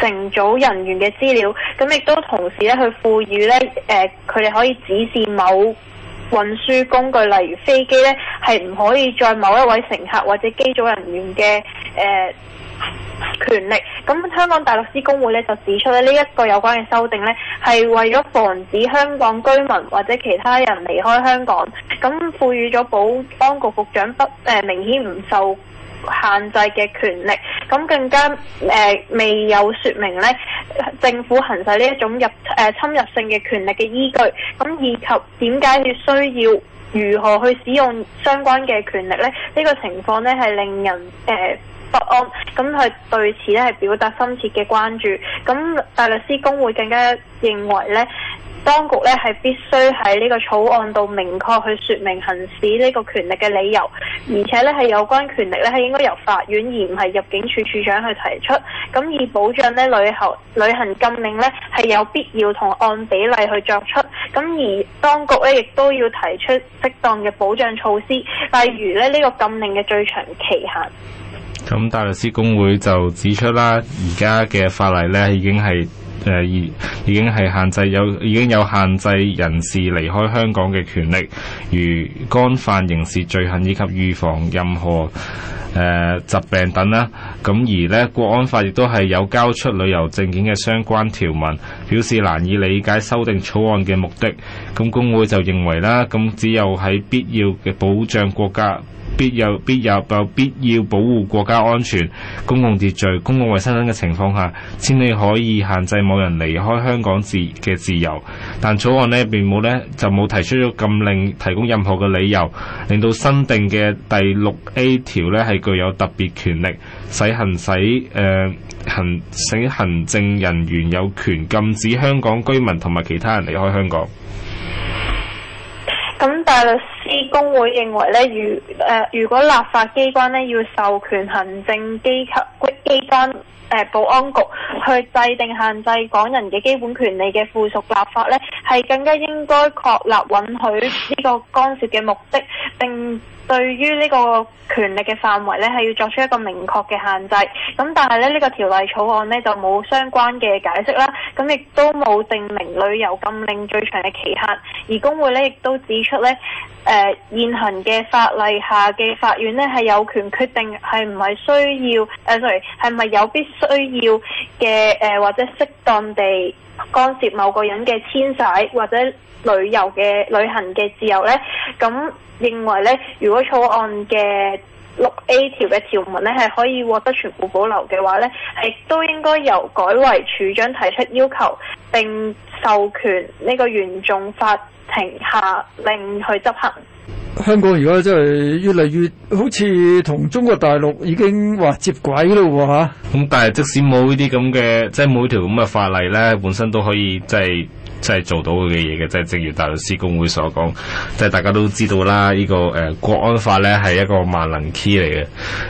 乘組人員嘅資料。咁亦都同時咧，去賦予咧，誒，佢哋可以指示某運輸工具，例如飛機咧，係唔可以載某一位乘客或者機組人員嘅，誒、呃。權力咁，香港大律師公會咧就指出咧，呢、這、一個有關嘅修訂呢，係為咗防止香港居民或者其他人離開香港，咁賦予咗保安局局長不誒、呃、明顯唔受限制嘅權力，咁更加誒、呃、未有說明呢政府行使呢一種入誒、呃、侵入性嘅權力嘅依據，咁以及點解要需要如何去使用相關嘅權力呢？呢、這個情況呢，係令人誒。呃不安，咁佢對此咧係表達深切嘅關注。咁大律師公會更加認為咧，當局咧係必須喺呢個草案度明確去説明行使呢個權力嘅理由，而且咧係有關權力咧係應該由法院而唔係入境處處長去提出。咁以保障咧旅行旅行禁令咧係有必要同按比例去作出。咁而當局咧亦都要提出適當嘅保障措施，例如咧呢個禁令嘅最長期限。咁大律師公會就指出啦，而家嘅法例呢已經係誒、呃、已經係限制有，已經有限制人士離開香港嘅權力，如干犯刑事罪行以及預防任何誒、呃、疾病等啦。咁而呢國安法亦都係有交出旅遊證件嘅相關條文，表示難以理解修訂草案嘅目的。咁公會就認為啦，咁只有喺必要嘅保障國家。必要、必要、有必要保護國家安全、公共秩序、公共衛生等嘅情況下，先至可以限制某人離開香港自嘅自由。但草案呢，並冇咧就冇提出咗禁令，提供任何嘅理由，令到新定嘅第六 A 條呢係具有特別權力，使行使誒、呃、行使行政人員有權禁止香港居民同埋其他人離開香港。咁大律師公會認為咧，如誒、呃，如果立法機關咧要授權行政機構機關誒、呃、保安局去制定限制港人嘅基本權利嘅附屬立法咧，係更加應該確立允許呢個干涉嘅目的並。對於呢個權力嘅範圍咧，係要作出一個明確嘅限制。咁但係咧，呢個條例草案呢就冇相關嘅解釋啦。咁亦都冇定明旅遊禁令最長嘅期限。而公會呢亦都指出呢誒、呃、現行嘅法例下嘅法院呢係有權決定係唔係需要誒、呃、，sorry 係咪有必須要嘅誒、呃、或者適當地，.干涉某個人嘅遷徙或者旅遊嘅旅行嘅自由呢，咁認為呢，如果草案嘅六 A 條嘅條文呢係可以獲得全部保留嘅話呢，係都應該由改為處長提出要求，並授權呢個原訟法庭下令去執行。香港而家真係越嚟越好似同中國大陸已經話接軌咯喎嚇，咁但係即使冇呢啲咁嘅，即係每條咁嘅法例咧，本身都可以即係即係做到嘅嘢嘅，即係正如大律師公會所講，即係大家都知道啦。呢、呢個誒、呃、國安法咧係一個萬能 key 嚟嘅，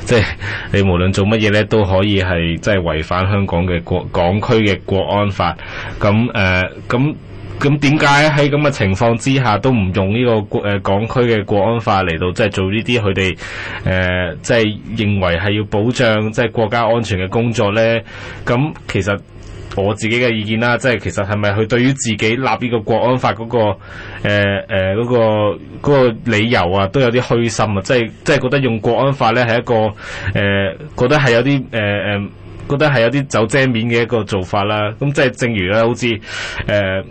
即係你無論做乜嘢咧都可以係即係違反香港嘅國港區嘅國安法。咁誒咁。呃咁點解喺咁嘅情況之下都唔用呢個誒港區嘅國安法嚟到即係做呢啲佢哋誒即係認為係要保障即係國家安全嘅工作咧？咁其實我自己嘅意見啦，即係其實係咪佢對於自己立呢個國安法嗰個誒誒嗰個嗰個理由啊，都有啲虛心啊？即係即係覺得用國安法咧係一個誒，覺得係有啲誒誒，覺得係有啲走遮面嘅一個做法啦。咁即係正如啦，好似誒。呃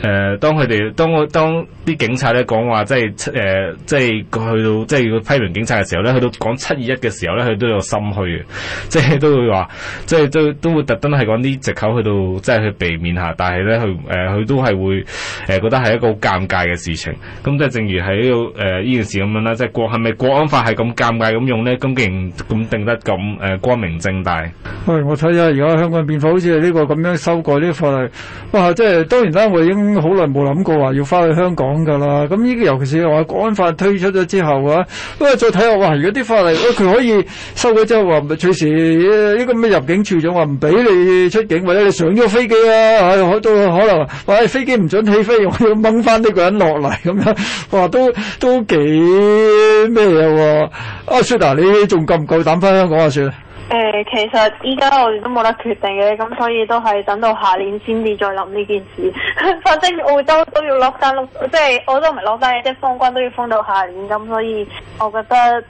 誒、呃，當佢哋，當我，當啲警察咧講話，即係七、呃、即係去到，即係要批評警察嘅時候咧，去到講七二一嘅時候咧，佢都有心虛嘅，即係都會話，即係都都會特登係講啲藉口去到，即係去避免下，但係咧，佢誒佢都係會誒覺得係一個好尷尬嘅事情。咁即係正如喺度誒呢件事咁樣啦，即係國係咪國安法係咁尷尬咁用咧？咁竟然咁定得咁誒光明正大？喂、哎，我睇下如果香港憲法好似呢個咁樣修改呢啲法例，哇！即、就、係、是、當然啦，我已經。好耐冇諗過話要翻去香港噶啦，咁呢家尤其是話國安法推出咗之後啊，因為再睇下話，如果啲法例，佢可以收咗之係話隨時呢個咩入境處仲話唔俾你出境，或者你上咗飛機啊，吓、哎、都可能話、哎、飛機唔准起飛，我要掹翻呢個人落嚟咁樣，哇，都都幾咩嘢喎？阿雪 i 你仲夠唔夠膽翻香港啊？算。誒、呃，其實依家我哋都冇得決定嘅，咁所以都係等到下年先至再諗呢件事。 反正澳洲都要 lockdown，即係澳洲唔係 lockdown，即係封關都要封到下年。咁所以我覺得，誒、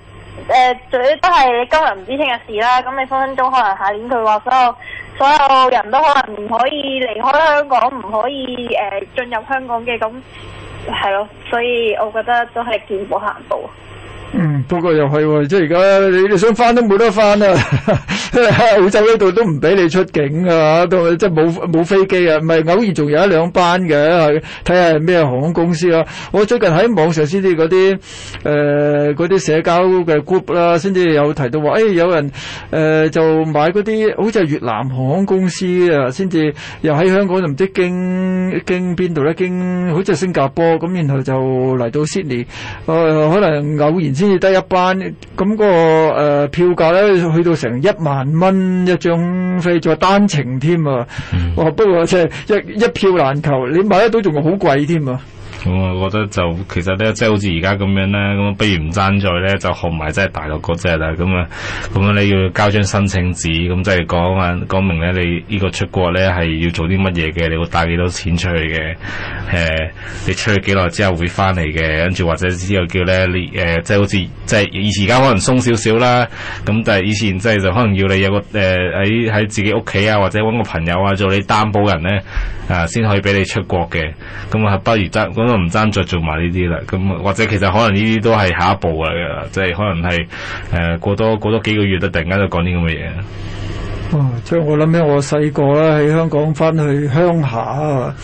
呃，最都係今日唔知聽日事啦。咁你分分鐘可能下年佢話所有所有人都可能唔可以離開香港，唔可以誒、呃、進入香港嘅，咁係咯。所以我覺得都係見步行步。嗯，不過又係喎，即係而家你哋想翻都冇得翻啊！ 澳洲呢度都唔俾你出境啊，嚇，都即係冇冇飛機啊，唔係偶然仲有一兩班嘅、啊，睇下咩航空公司啊，我最近喺網上先至啲誒啲社交嘅 group 啦、啊，先至有提到話誒、哎、有人誒、呃、就買啲好似係越南航空公司啊，先至又喺香港就唔知經經邊度咧，經，經好似係新加坡咁，然後就嚟到 Sydney，誒、呃、可能偶然。先至得一班，咁、嗰個誒、呃，票價咧去到成一萬蚊一張飛，仲單程添啊！哇，不過即係一一票難求，你買得到仲好貴添啊！咁啊，嗯、我覺得就其實咧，即係好似而家咁樣咧，咁不如唔爭在咧，就學埋真係大陸嗰隻啦。咁啊，咁啊，你要交張申請紙，咁即係講啊，講明咧你呢個出國咧係要做啲乜嘢嘅，你會帶幾多錢出去嘅？誒、呃，你出去幾耐之後會翻嚟嘅，跟住或者之後叫咧你誒、呃，即係好似即係而而家可能鬆少少啦，咁但係以前即係就可能要你有個誒喺喺自己屋企啊，或者搵個朋友啊做你擔保人咧，啊、呃、先可以俾你出國嘅。咁啊，不如得都唔爭再做埋呢啲啦，咁或者其實可能呢啲都係下一步啊，即係可能係誒過多過多幾個月都突然間就講啲咁嘅嘢。啊、哦、即係我諗起我細個啦喺香港翻去鄉下啊，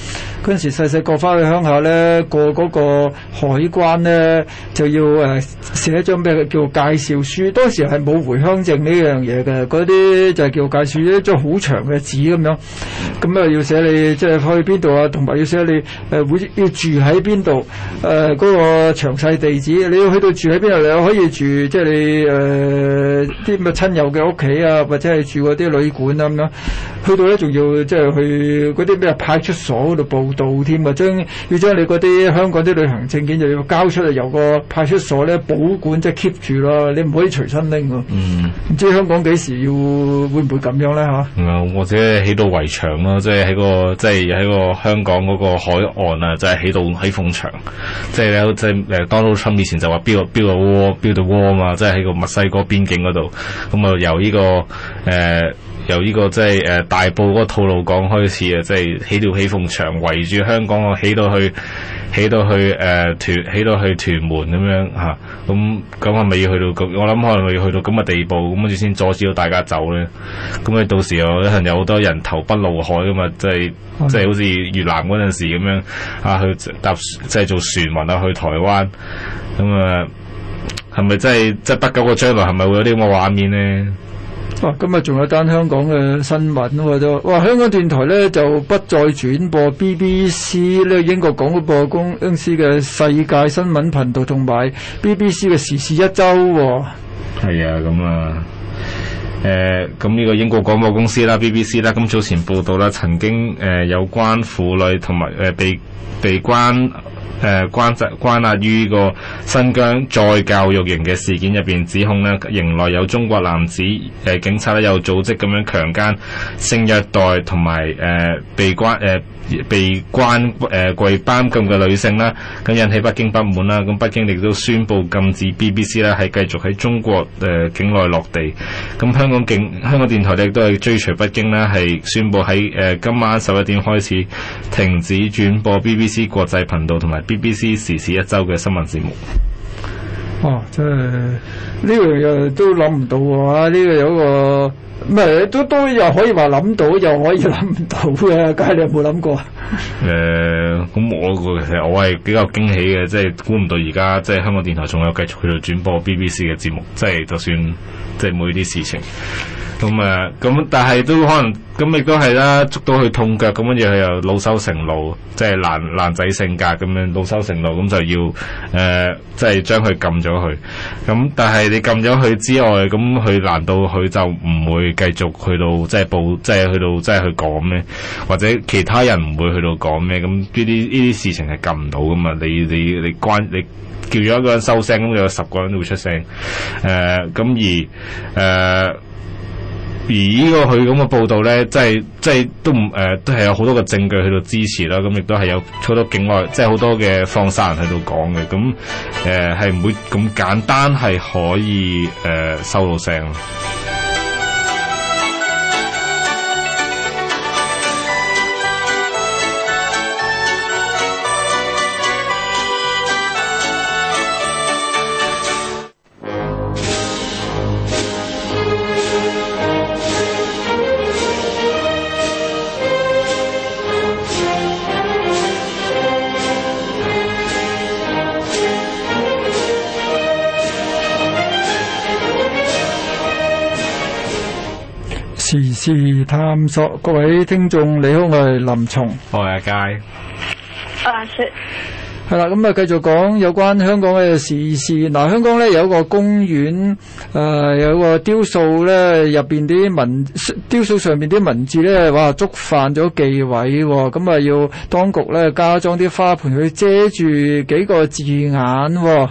陣時細細個翻去鄉下咧過個海關咧就要誒寫一張咩叫介紹書，當時係冇回鄉證呢樣嘢嘅，啲就係叫介紹一張好長嘅紙咁樣，咁啊要寫你即係、就是、去邊度啊，同埋要寫你誒會、呃、要住喺邊度，誒、呃嗰個詳細地址，你要去到住喺邊度，你可以住即係、就是、你誒啲咁嘅親友嘅屋企啊，或者係住啲。旅館咁樣，去到咧仲要即係去嗰啲咩派出所度報到添啊，將要將你嗰啲香港啲旅行證件就要交出嚟，由個派出所咧保管即係 keep 住咯，你唔可以隨身拎㗎。嗯，唔知香港幾時要會唔會咁樣咧嚇？啊、嗯，或者起到圍牆咯，即係喺個即係喺個香港嗰個海岸啊，即係起到喺封牆，即係喺即係 Donald Trump 以前就話 build a wall、build a wall 啊嘛，即係喺個墨西哥邊境嗰度，咁啊由呢、呢個誒。呃由呢個即係誒大埔嗰個套路講開始啊，即、就、係、是、起條起風牆圍住香港啊，起到去起到去誒屯、呃，起到去屯門咁樣嚇，咁咁係咪要去到、這個、我諗可能係要去到咁嘅地步，咁先先阻止到大家走咧。咁、嗯、啊、嗯、到時候一陣有好多人投奔怒海噶嘛，即係即係好似越南嗰陣時咁樣啊去搭即係做船民啊去台灣，咁啊係咪真係即係不久嘅將來係咪會有啲咁嘅畫面咧？哇！今日仲有一單香港嘅新聞喎都，哇！香港電台呢就不再轉播 BBC 呢英國廣播公司嘅世界新聞頻道，同埋 BBC 嘅時事一週。係啊，咁啊，誒咁呢個英國廣播公司啦，BBC 啦，咁早前報道啦，曾經誒、呃、有關婦女同埋誒被被關。誒、呃，關質關押於個新疆再教育營嘅事件入邊指控咧，營內有中國男子，誒、呃，警察咧有組織咁樣強奸、性虐待同埋誒被關誒。呃被關誒櫃班禁嘅女性啦，咁、啊、引起北京不滿啦，咁、啊、北京亦都宣布禁止 BBC 啦、啊，係繼續喺中國誒、呃、境內落地。咁、啊、香港電香港電台咧亦都係追隨北京啦，係、啊、宣布喺誒、呃、今晚十一點開始停止轉播 BBC 國際頻道同埋 BBC 時事一周嘅新聞節目。哦，真係呢樣又都諗唔到喎！啊、這個，呢個有個唔係都都又可以話諗到，又可以諗唔到嘅，梗係你有冇諗過啊？誒、呃，咁我個其實我係比較驚喜嘅，即係估唔到而家即係香港電台仲有繼續喺度轉播 BBC 嘅節目，即係就算即係每啲事情。咁啊，咁但係都可能，咁亦都係啦，捉到佢痛腳，咁樣又又惱羞成怒，即係爛爛仔性格咁樣惱羞成怒，咁就要誒，即係將佢撳咗佢。咁但係你撳咗佢之外，咁佢難道佢就唔會繼續去到即係報，即係去到即係去講咩？或者其他人唔會去到講咩？咁呢啲呢啲事情係撳唔到噶嘛？你你你關你叫咗一個人收聲，咁有十個人都會出聲誒。咁而誒。而、這個、呢個佢咁嘅報道咧，即係即係都唔誒、呃，都係有好多嘅證據去到支持啦。咁、嗯、亦都係有好多境外即係好多嘅訪客人喺度講嘅，咁誒係唔會咁簡單係可以誒、呃、收到聲。事探索，各位聽眾，你好，我係林松，我係阿佳。阿 雪。係啦，咁 啊，繼 續講有關香港嘅事、事。事。嗱，香港咧有一個公園，誒、呃，有個雕塑咧，入邊啲文雕塑上面啲文字咧，哇，觸犯咗忌諱，咁、哦、啊，要當局咧加裝啲花盆去遮住幾個字眼。哦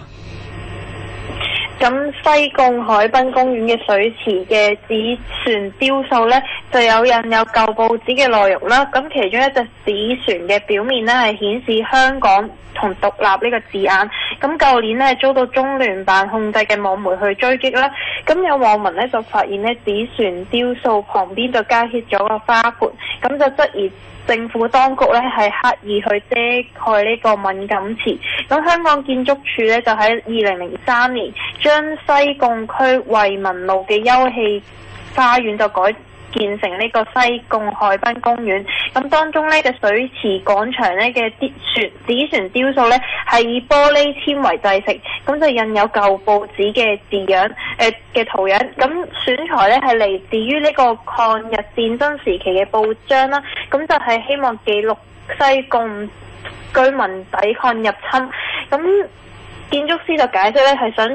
咁西貢海濱公園嘅水池嘅紙船雕塑呢，就有印有舊報紙嘅內容啦。咁其中一隻紙船嘅表面呢，係顯示香港同獨立呢個字眼。咁舊年呢，遭到中聯辦控制嘅網媒去追擊啦。咁有網民呢，就發現呢紙船雕塑旁邊就加貼咗個花盆，咁就質疑。政府當局咧係刻意去遮蓋呢個敏感詞，咁香港建築署咧就喺二零零三年將西貢區惠民路嘅休憩花園就改建成呢個西貢海濱公園，咁當中呢嘅水池廣場呢嘅啲船紙船雕塑呢，係以玻璃纖維製成，咁就印有舊報紙嘅字樣，誒、呃、嘅圖樣，咁選材呢係嚟自於呢個抗日戰爭時期嘅報章啦，咁就係希望記錄西貢居民抵抗入侵，咁。建築師就解釋咧，係想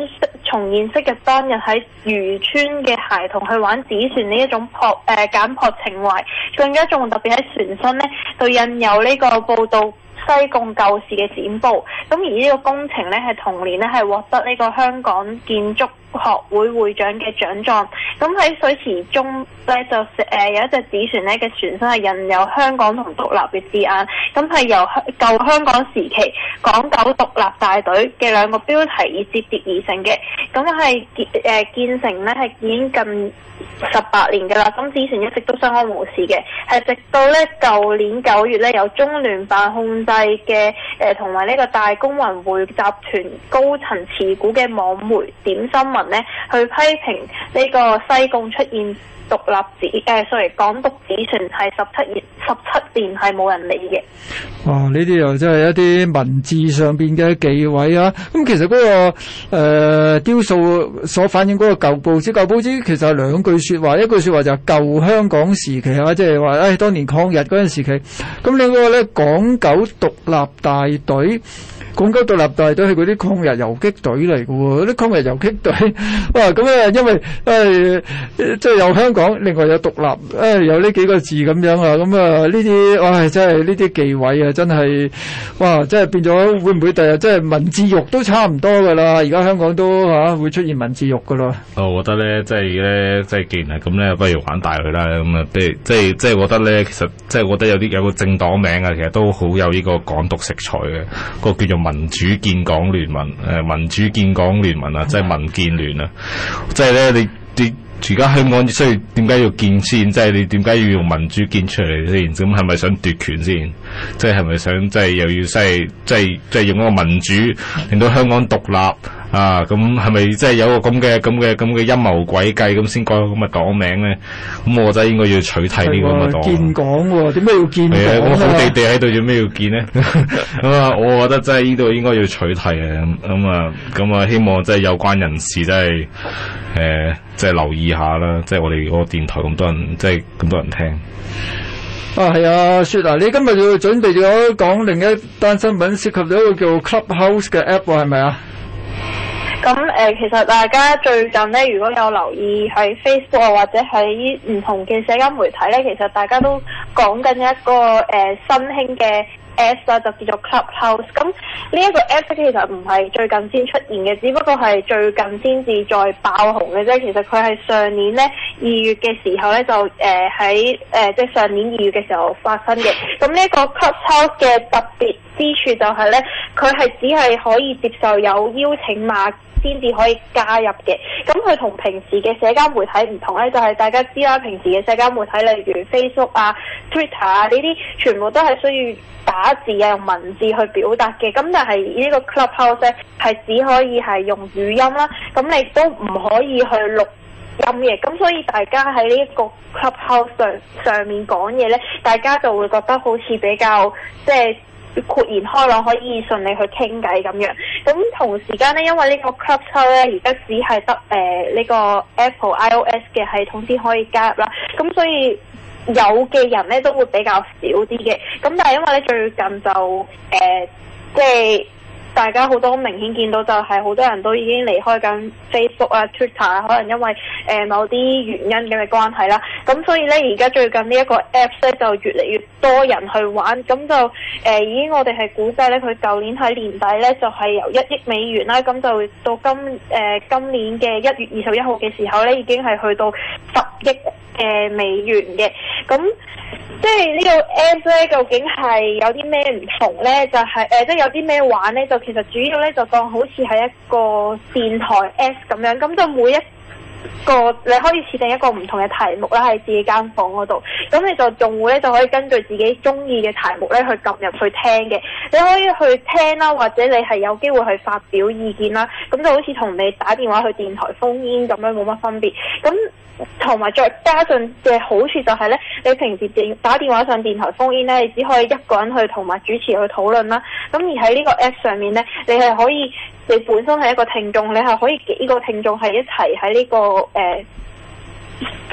重現昔日當日喺漁村嘅孩童去玩紙船呢一種樸誒、呃、簡樸情懷，更加仲特別喺船身咧，就印有呢個報道西貢舊事嘅展報。咁而呢個工程咧，係同年咧係獲得呢個香港建築。學會會長嘅獎狀，咁喺水池中咧就誒有一隻紙船咧嘅船身係印有香港同獨立嘅字眼，咁係由香舊香港時期港九獨立大隊嘅兩個標題以摺疊，而成嘅，咁係建誒建成呢係已經近十八年噶啦，咁紙船一直都相安無事嘅，係直到呢舊年九月呢，由中聯辦控制嘅誒同埋呢個大公文匯集團高層持股嘅網媒點心。咧去批評呢個西貢出現獨立紙誒，sorry 港獨紙船係十七年十七年係冇人理嘅。哇！呢啲又真係一啲文字上邊嘅忌諱啊！咁、嗯、其實嗰、那個誒、呃、雕塑所反映嗰個舊報紙、舊報紙其實係兩句說話，一句說話就舊香港時期啊，即係話誒當年抗日嗰陣時期，咁另外一個咧港九獨立大隊。港九獨立大隊都係嗰啲抗日游擊隊嚟㗎喎，啲抗日游擊隊，哇！咁啊，因為啊，即係有香港，另外有獨立，啊、哎，有呢幾個字咁樣啊，咁啊，呢啲，唉、哎，真係呢啲忌諱啊，真係，哇！真係變咗，會唔會第日真係文字獄都差唔多㗎啦？而家香港都吓、啊，會出現文字獄㗎咯。我覺得咧，即係咧，即係既然，咁咧不如玩大佢啦。咁啊，即係即係我係覺得咧，其實即係我覺得有啲有個政黨名啊，其實都好有呢個港獨食材嘅、那個叫用。民主建港聯盟，誒、呃、民主建港聯盟啊，即係民建聯啊，即係咧你，你而家香港需要點解要建先？即係你點解要用民主建出嚟先？咁係咪想奪權先？即係係咪想即係又要即係即係即係用一個民主令到香港獨立？啊，咁係咪即係有個咁嘅、咁嘅、咁嘅陰謀詭計咁先改咁嘅黨名咧？咁我真係應該要取締呢個建、啊、港喎、啊？點解要建港、啊？咁、啊、嗯、好地地喺度，做咩要建呢？咁 啊，我覺得真係呢度應該要取締啊。咁、嗯、啊，咁、嗯、啊、嗯嗯，希望即係有關人士即係誒，即係、呃、留意下啦。即係我哋嗰個電台咁多人，即係咁多人聽啊。係啊，雪啊，你今日要準備咗講另一單新聞，涉及到一個叫 Clubhouse 嘅 app，係咪啊？咁誒、呃，其實大家最近咧，如果有留意喺 Facebook 或者喺唔同嘅社交媒體咧，其實大家都講緊一個誒、呃、新興嘅。S 就叫做 Clubhouse，咁呢一個 App 其實唔係最近先出現嘅，只不過係最近先至再爆紅嘅啫。其實佢係上年呢，二月嘅時候呢，就誒喺誒即係上年二月嘅時候發生嘅。咁呢一個 Clubhouse 嘅特別之處就係呢，佢係只係可以接受有邀請碼先至可以加入嘅。咁佢同平時嘅社交媒體唔同呢，就係、是、大家知啦、啊，平時嘅社交媒體例如 Facebook 啊、Twitter 啊呢啲，全部都係需要，打字啊，用文字去表達嘅，咁但係呢個 clubhouse 呢，係只可以係用語音啦，咁你都唔可以去錄音嘅，咁所以大家喺呢一個 clubhouse 上上面講嘢咧，大家就會覺得好似比較即係、就是、豁然開朗，可以順利去傾偈咁樣。咁同時間咧，因為呢個 clubhouse 呢、呃呢個 clubhouse 咧而家只係得誒呢個 Apple iOS 嘅系統先可以加入啦，咁所以。有嘅人咧都會比較少啲嘅，咁但係因為咧最近就誒即係大家好多明顯見到就係好多人都已經離開緊 Facebook 啊 Twitter 啊，可能因為誒、呃、某啲原因嘅關係啦，咁所以咧而家最近呢一個 app 咧就越嚟越多人去玩，咁就誒、呃、已經我哋係估計咧，佢舊年喺年底咧就係、是、由一億美元啦，咁就到今誒、呃、今年嘅一月二十一號嘅時候咧，已經係去到十億。誒、呃，美元嘅，咁即係呢個 app 咧，究竟係有啲咩唔同咧？就係、是、誒、呃，即係有啲咩玩咧？就其實主要咧就當好似係一個電台 app 咁樣，咁就每一個你可以設定一個唔同嘅題目啦，喺自己間房嗰度，咁你就用戶咧就可以根據自己中意嘅題目咧去撳入去聽嘅。你可以去聽啦，或者你係有機會去發表意見啦。咁就好似同你打電話去電台烽煙咁樣冇乜分別。咁同埋再加上嘅好處就係咧，你平時電打電話上電台烽煙咧，你只可以一個人去同埋主持去討論啦。咁而喺呢個 app 上面咧，你係可以。你本身係一個聽眾，你係可以幾個聽眾係一齊喺呢個誒、呃、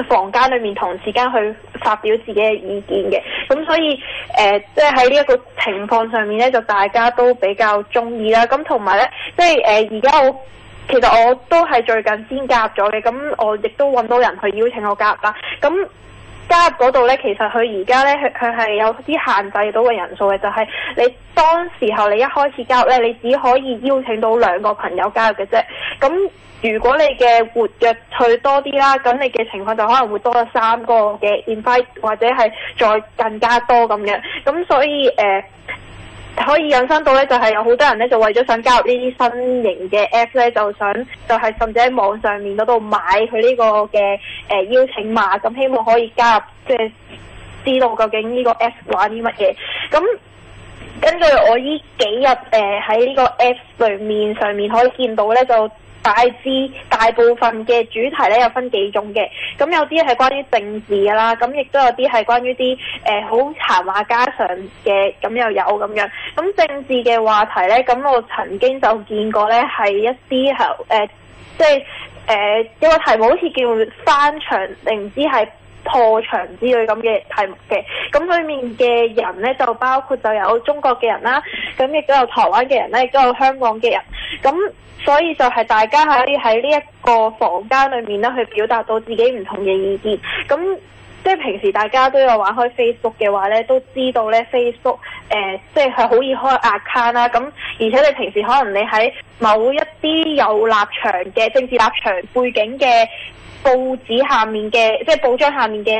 房間裏面同時間去發表自己嘅意見嘅，咁所以誒，即係喺呢一個情況上面呢，就大家都比較鍾意啦。咁同埋呢，即係誒，而、呃、家我其實我都係最近先加入咗嘅，咁我亦都搵到人去邀請我加入啦，咁。加入嗰度呢，其實佢而家呢，佢佢係有啲限制到嘅人數嘅，就係、是、你當時候你一開始加入呢，你只可以邀請到兩個朋友加入嘅啫。咁如果你嘅活躍去多啲啦，咁你嘅情況就可能會多咗三個嘅 invite，或者係再更加多咁樣。咁所以誒。呃可以引申到咧，就係有好多人咧，就為咗想加入呢啲新型嘅 app 咧，就想就係甚至喺網上面嗰度買佢呢個嘅誒、呃、邀請碼，咁、嗯、希望可以加入，即、呃、係知道究竟呢個 app 玩啲乜嘢。咁根據我依幾日誒喺呢個 app 裏面上面可以見到咧就。大致大部分嘅主題呢，有分幾種嘅，咁有啲係關於政治㗎啦，咁亦都有啲係關於啲誒好談話家常嘅，咁又有咁樣。咁政治嘅話題呢，咁我曾經就見過呢，係一啲係誒，即係誒，有個題目好似叫翻牆，定唔知係。破牆之類咁嘅題目嘅，咁裏面嘅人呢，就包括就有中國嘅人啦，咁亦都有台灣嘅人呢，亦都有香港嘅人，咁所以就係大家可以喺呢一個房間裏面呢，去表達到自己唔同嘅意見，咁即係平時大家都有玩開 Facebook 嘅話呢，都知道呢 Facebook 誒、呃、即係係好易開 account 啦、啊，咁而且你平時可能你喺某一啲有立場嘅政治立場背景嘅。報紙下面嘅即係報章下面嘅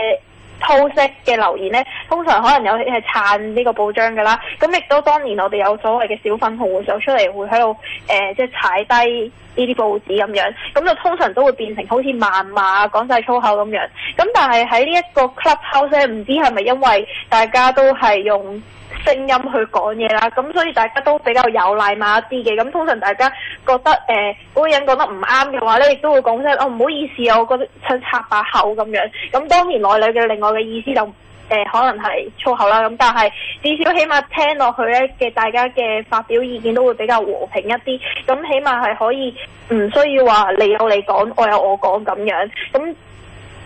post 嘅留言呢，通常可能有啲係撐呢個報章嘅啦。咁亦都當年我哋有所謂嘅小粉紅會走出嚟，會喺度誒即係踩低呢啲報紙咁樣。咁就通常都會變成好似謾罵、講晒粗口咁樣。咁但係喺呢一個 club house 咧，唔知係咪因為大家都係用聲音去講嘢啦，咁所以大家都比較有禮貌一啲嘅。咁通常大家覺得誒嗰、呃那個人講得唔啱嘅話咧，亦都會講聲哦，唔好意思啊，我覺得想插把口咁樣。咁當然內裏嘅另外嘅意思就誒、呃、可能係粗口啦。咁但係至少起碼聽落去咧嘅大家嘅發表意見都會比較和平一啲。咁起碼係可以唔需要話你有你講，我有我講咁樣。咁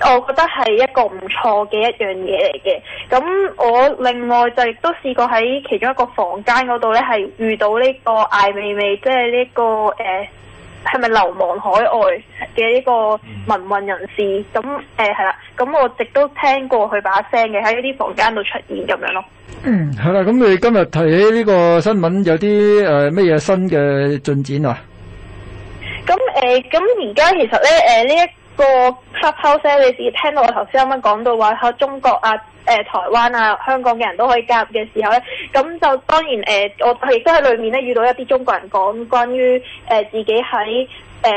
我覺得係一個唔錯嘅一樣嘢嚟嘅。咁我另外就亦都試過喺其中一個房間嗰度咧，係遇到呢個艾未未，即係呢個誒係咪流亡海外嘅呢個民運人士？咁誒係啦。咁、呃、我亦都聽過佢把聲嘅喺呢啲房間度出現咁樣咯、嗯呃啊嗯呃。嗯，係啦。咁你今日提起呢個新聞，有啲誒乜嘢新嘅進展啊？咁誒，咁而家其實咧，誒呢一個 Clubhouse，你只聽到我頭先啱啱講到話，喺中國啊、誒、呃、台灣啊、香港嘅人都可以加入嘅時候咧，咁就當然誒、呃，我亦都喺裏面咧遇到一啲中國人講關於誒、呃、自己喺誒。呃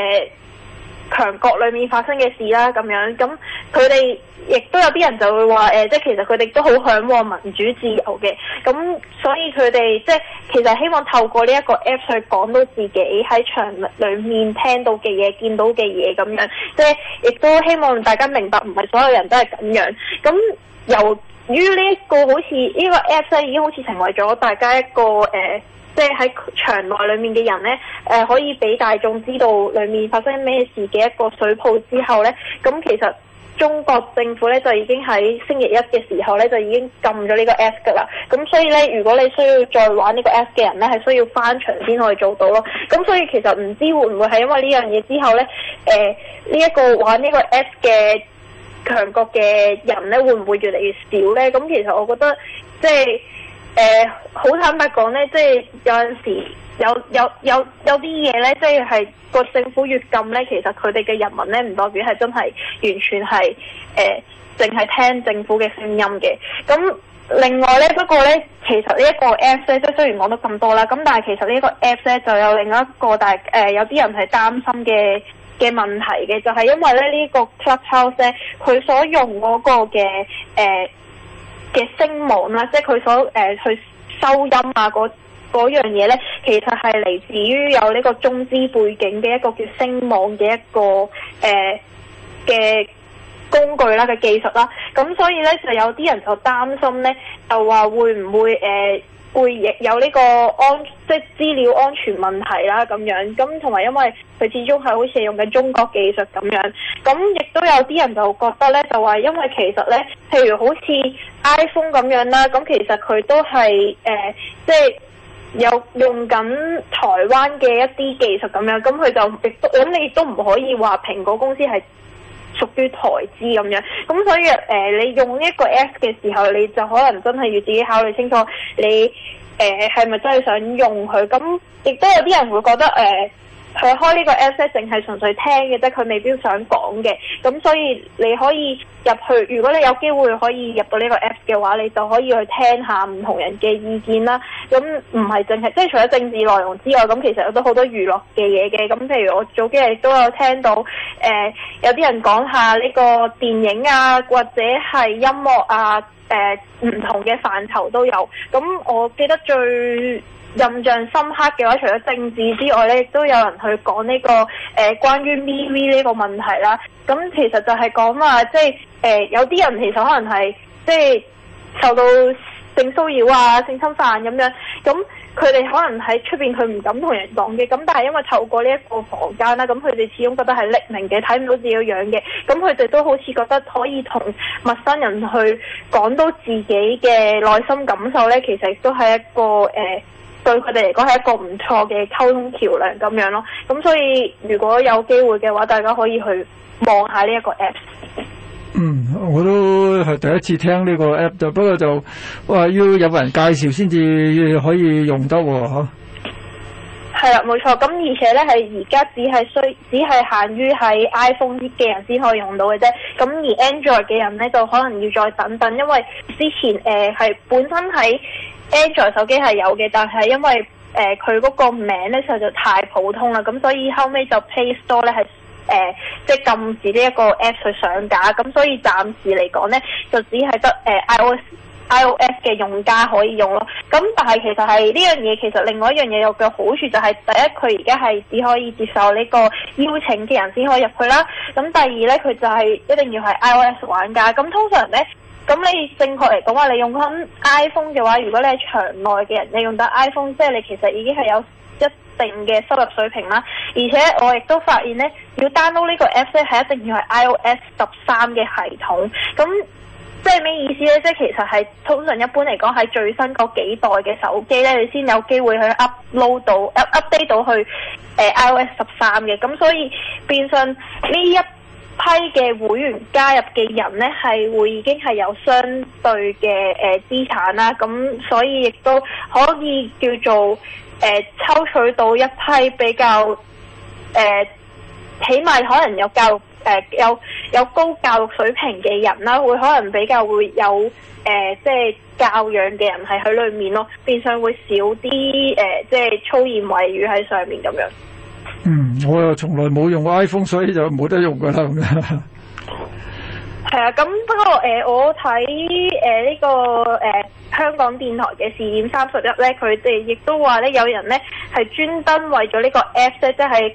強國裏面發生嘅事啦，咁樣，咁佢哋亦都有啲人就會話誒、呃，即係其實佢哋都好嚮往民主自由嘅，咁所以佢哋即係其實希望透過呢一個 app 去講到自己喺場裏面聽到嘅嘢，見到嘅嘢咁樣，即係亦都希望大家明白，唔係所有人都係咁樣。咁由於呢一個好似呢、呢個 app 咧，已經好似成為咗大家一個誒。呃即係喺牆內裏面嘅人呢，誒、呃，可以俾大眾知道裏面發生咩事嘅一個水泡之後呢。咁、嗯、其實中國政府呢，就已經喺星期一嘅時候呢，就已經禁咗呢個 S 噶啦。咁、嗯、所以呢，如果你需要再玩呢個 S 嘅人呢，係需要翻牆先可以做到咯。咁、嗯、所以其實唔知會唔會係因為呢樣嘢之後呢，誒、呃、呢、這、一個玩呢個 S 嘅強國嘅人呢，會唔會越嚟越少呢？咁、嗯、其實我覺得即係。誒，好、呃、坦白講呢，即係有陣時有有有有啲嘢呢，即係個政府越禁呢，其實佢哋嘅人民呢，唔代表係真係完全係誒淨係聽政府嘅聲音嘅。咁另外呢，不過呢，其實呢一個 Apps 呢，雖然講得咁多啦，咁但係其實呢個 Apps 就有另一個大誒、呃、有啲人係擔心嘅嘅問題嘅，就係、是、因為呢呢、呢個 Clubhouse 呢，佢所用嗰個嘅誒。呃嘅聲網啦，即係佢所誒、呃、去收音啊，嗰樣嘢咧，其實係嚟自於有呢個中資背景嘅一個叫聲網嘅一個誒、嘅、呃、工具啦，嘅技術啦，咁所以咧就有啲人就擔心咧，就話會唔會誒、呃會亦有呢個安即資料安全問題啦，咁樣咁同埋因為佢始終係好似用緊中國技術咁樣，咁亦都有啲人就覺得咧，就話因為其實咧，譬如好似 iPhone 咁樣啦，咁其實佢都係誒，即係有用緊台灣嘅一啲技術咁樣，咁佢就亦都咁，你亦都唔可以話蘋果公司係。屬於台資咁樣，咁所以誒、呃，你用呢一個 app 嘅時候，你就可能真係要自己考慮清楚，你誒係咪真係想用佢？咁亦都有啲人會覺得誒。呃佢開呢個 app 咧，淨係純粹聽嘅啫，佢未必想講嘅。咁所以你可以入去，如果你有機會可以入到呢個 app 嘅話，你就可以去聽下唔同人嘅意見啦。咁唔係淨係，即係除咗政治內容之外，咁其實有都好多娛樂嘅嘢嘅。咁譬如我早幾日都有聽到，誒、呃，有啲人講下呢個電影啊，或者係音樂啊，誒、呃，唔同嘅範疇都有。咁我記得最印象深刻嘅話，除咗政治之外呢，亦都有人去講呢、這個誒、呃、關於 MeToo 呢個問題啦。咁、嗯、其實就係講話，即係誒、呃、有啲人其實可能係即係受到性騷擾啊、性侵犯咁樣。咁佢哋可能喺出邊佢唔敢同人講嘅。咁但係因為透過呢一個房間啦，咁佢哋始終覺得係匿名嘅，睇唔到自己樣嘅。咁佢哋都好似覺得可以同陌生人去講到自己嘅內心感受呢，其實都係一個誒、呃對佢哋嚟講係一個唔錯嘅溝通橋樑咁樣咯，咁所以如果有機會嘅話，大家可以去望下呢一個 app。嗯，我都係第一次聽呢個 app，就不過就話要有人介紹先至可以用得，吓、啊。係啦，冇錯。咁而且呢，係而家只係需只係限於喺 iPhone 啲嘅人先可以用到嘅啫，咁而 Android 嘅人呢，就可能要再等等，因為之前誒係、呃、本身喺。Android 手機係有嘅，但係因為誒佢嗰個名咧實在太普通啦，咁所以後尾就 Play Store 咧係誒即係禁止呢一個 app 去上架，咁所以暫時嚟講咧就只係得誒、呃、iOS iOS 嘅用家可以用咯。咁但係其實係呢樣嘢，其實另外一樣嘢有個好處就係第一，佢而家係只可以接受呢個邀請嘅人先可以入去啦。咁第二咧，佢就係一定要係 iOS 玩家。咁通常咧。咁你正確嚟講話，你用緊 iPhone 嘅話，如果你係牆內嘅人，你用到 iPhone，即係你其實已經係有一定嘅收入水平啦。而且我亦都發現呢，要 download 呢個 app 呢，係一定要係 iOS 十三嘅系統。咁即係咩意思呢？即係其實係通常一般嚟講，喺最新嗰幾代嘅手機呢，你先有機會去 upload 到、up update 到去、呃、iOS 十三嘅。咁所以變相呢一批嘅會員加入嘅人呢，係會已經係有相對嘅誒資產啦，咁所以亦都可以叫做誒、呃、抽取到一批比較誒、呃，起碼可能有教育誒、呃、有有高教育水平嘅人啦，會可能比較會有誒即係教養嘅人係喺裏面咯，變相會少啲誒即係粗言穢語喺上面咁樣。嗯，我又從來冇用過 iPhone，所以就冇得用噶啦咁樣。係 啊，咁不過誒，我睇誒呢個誒、呃、香港電台嘅視點三十一咧，佢哋亦都話咧有人咧係專登為咗呢個 app 咧、呃，即係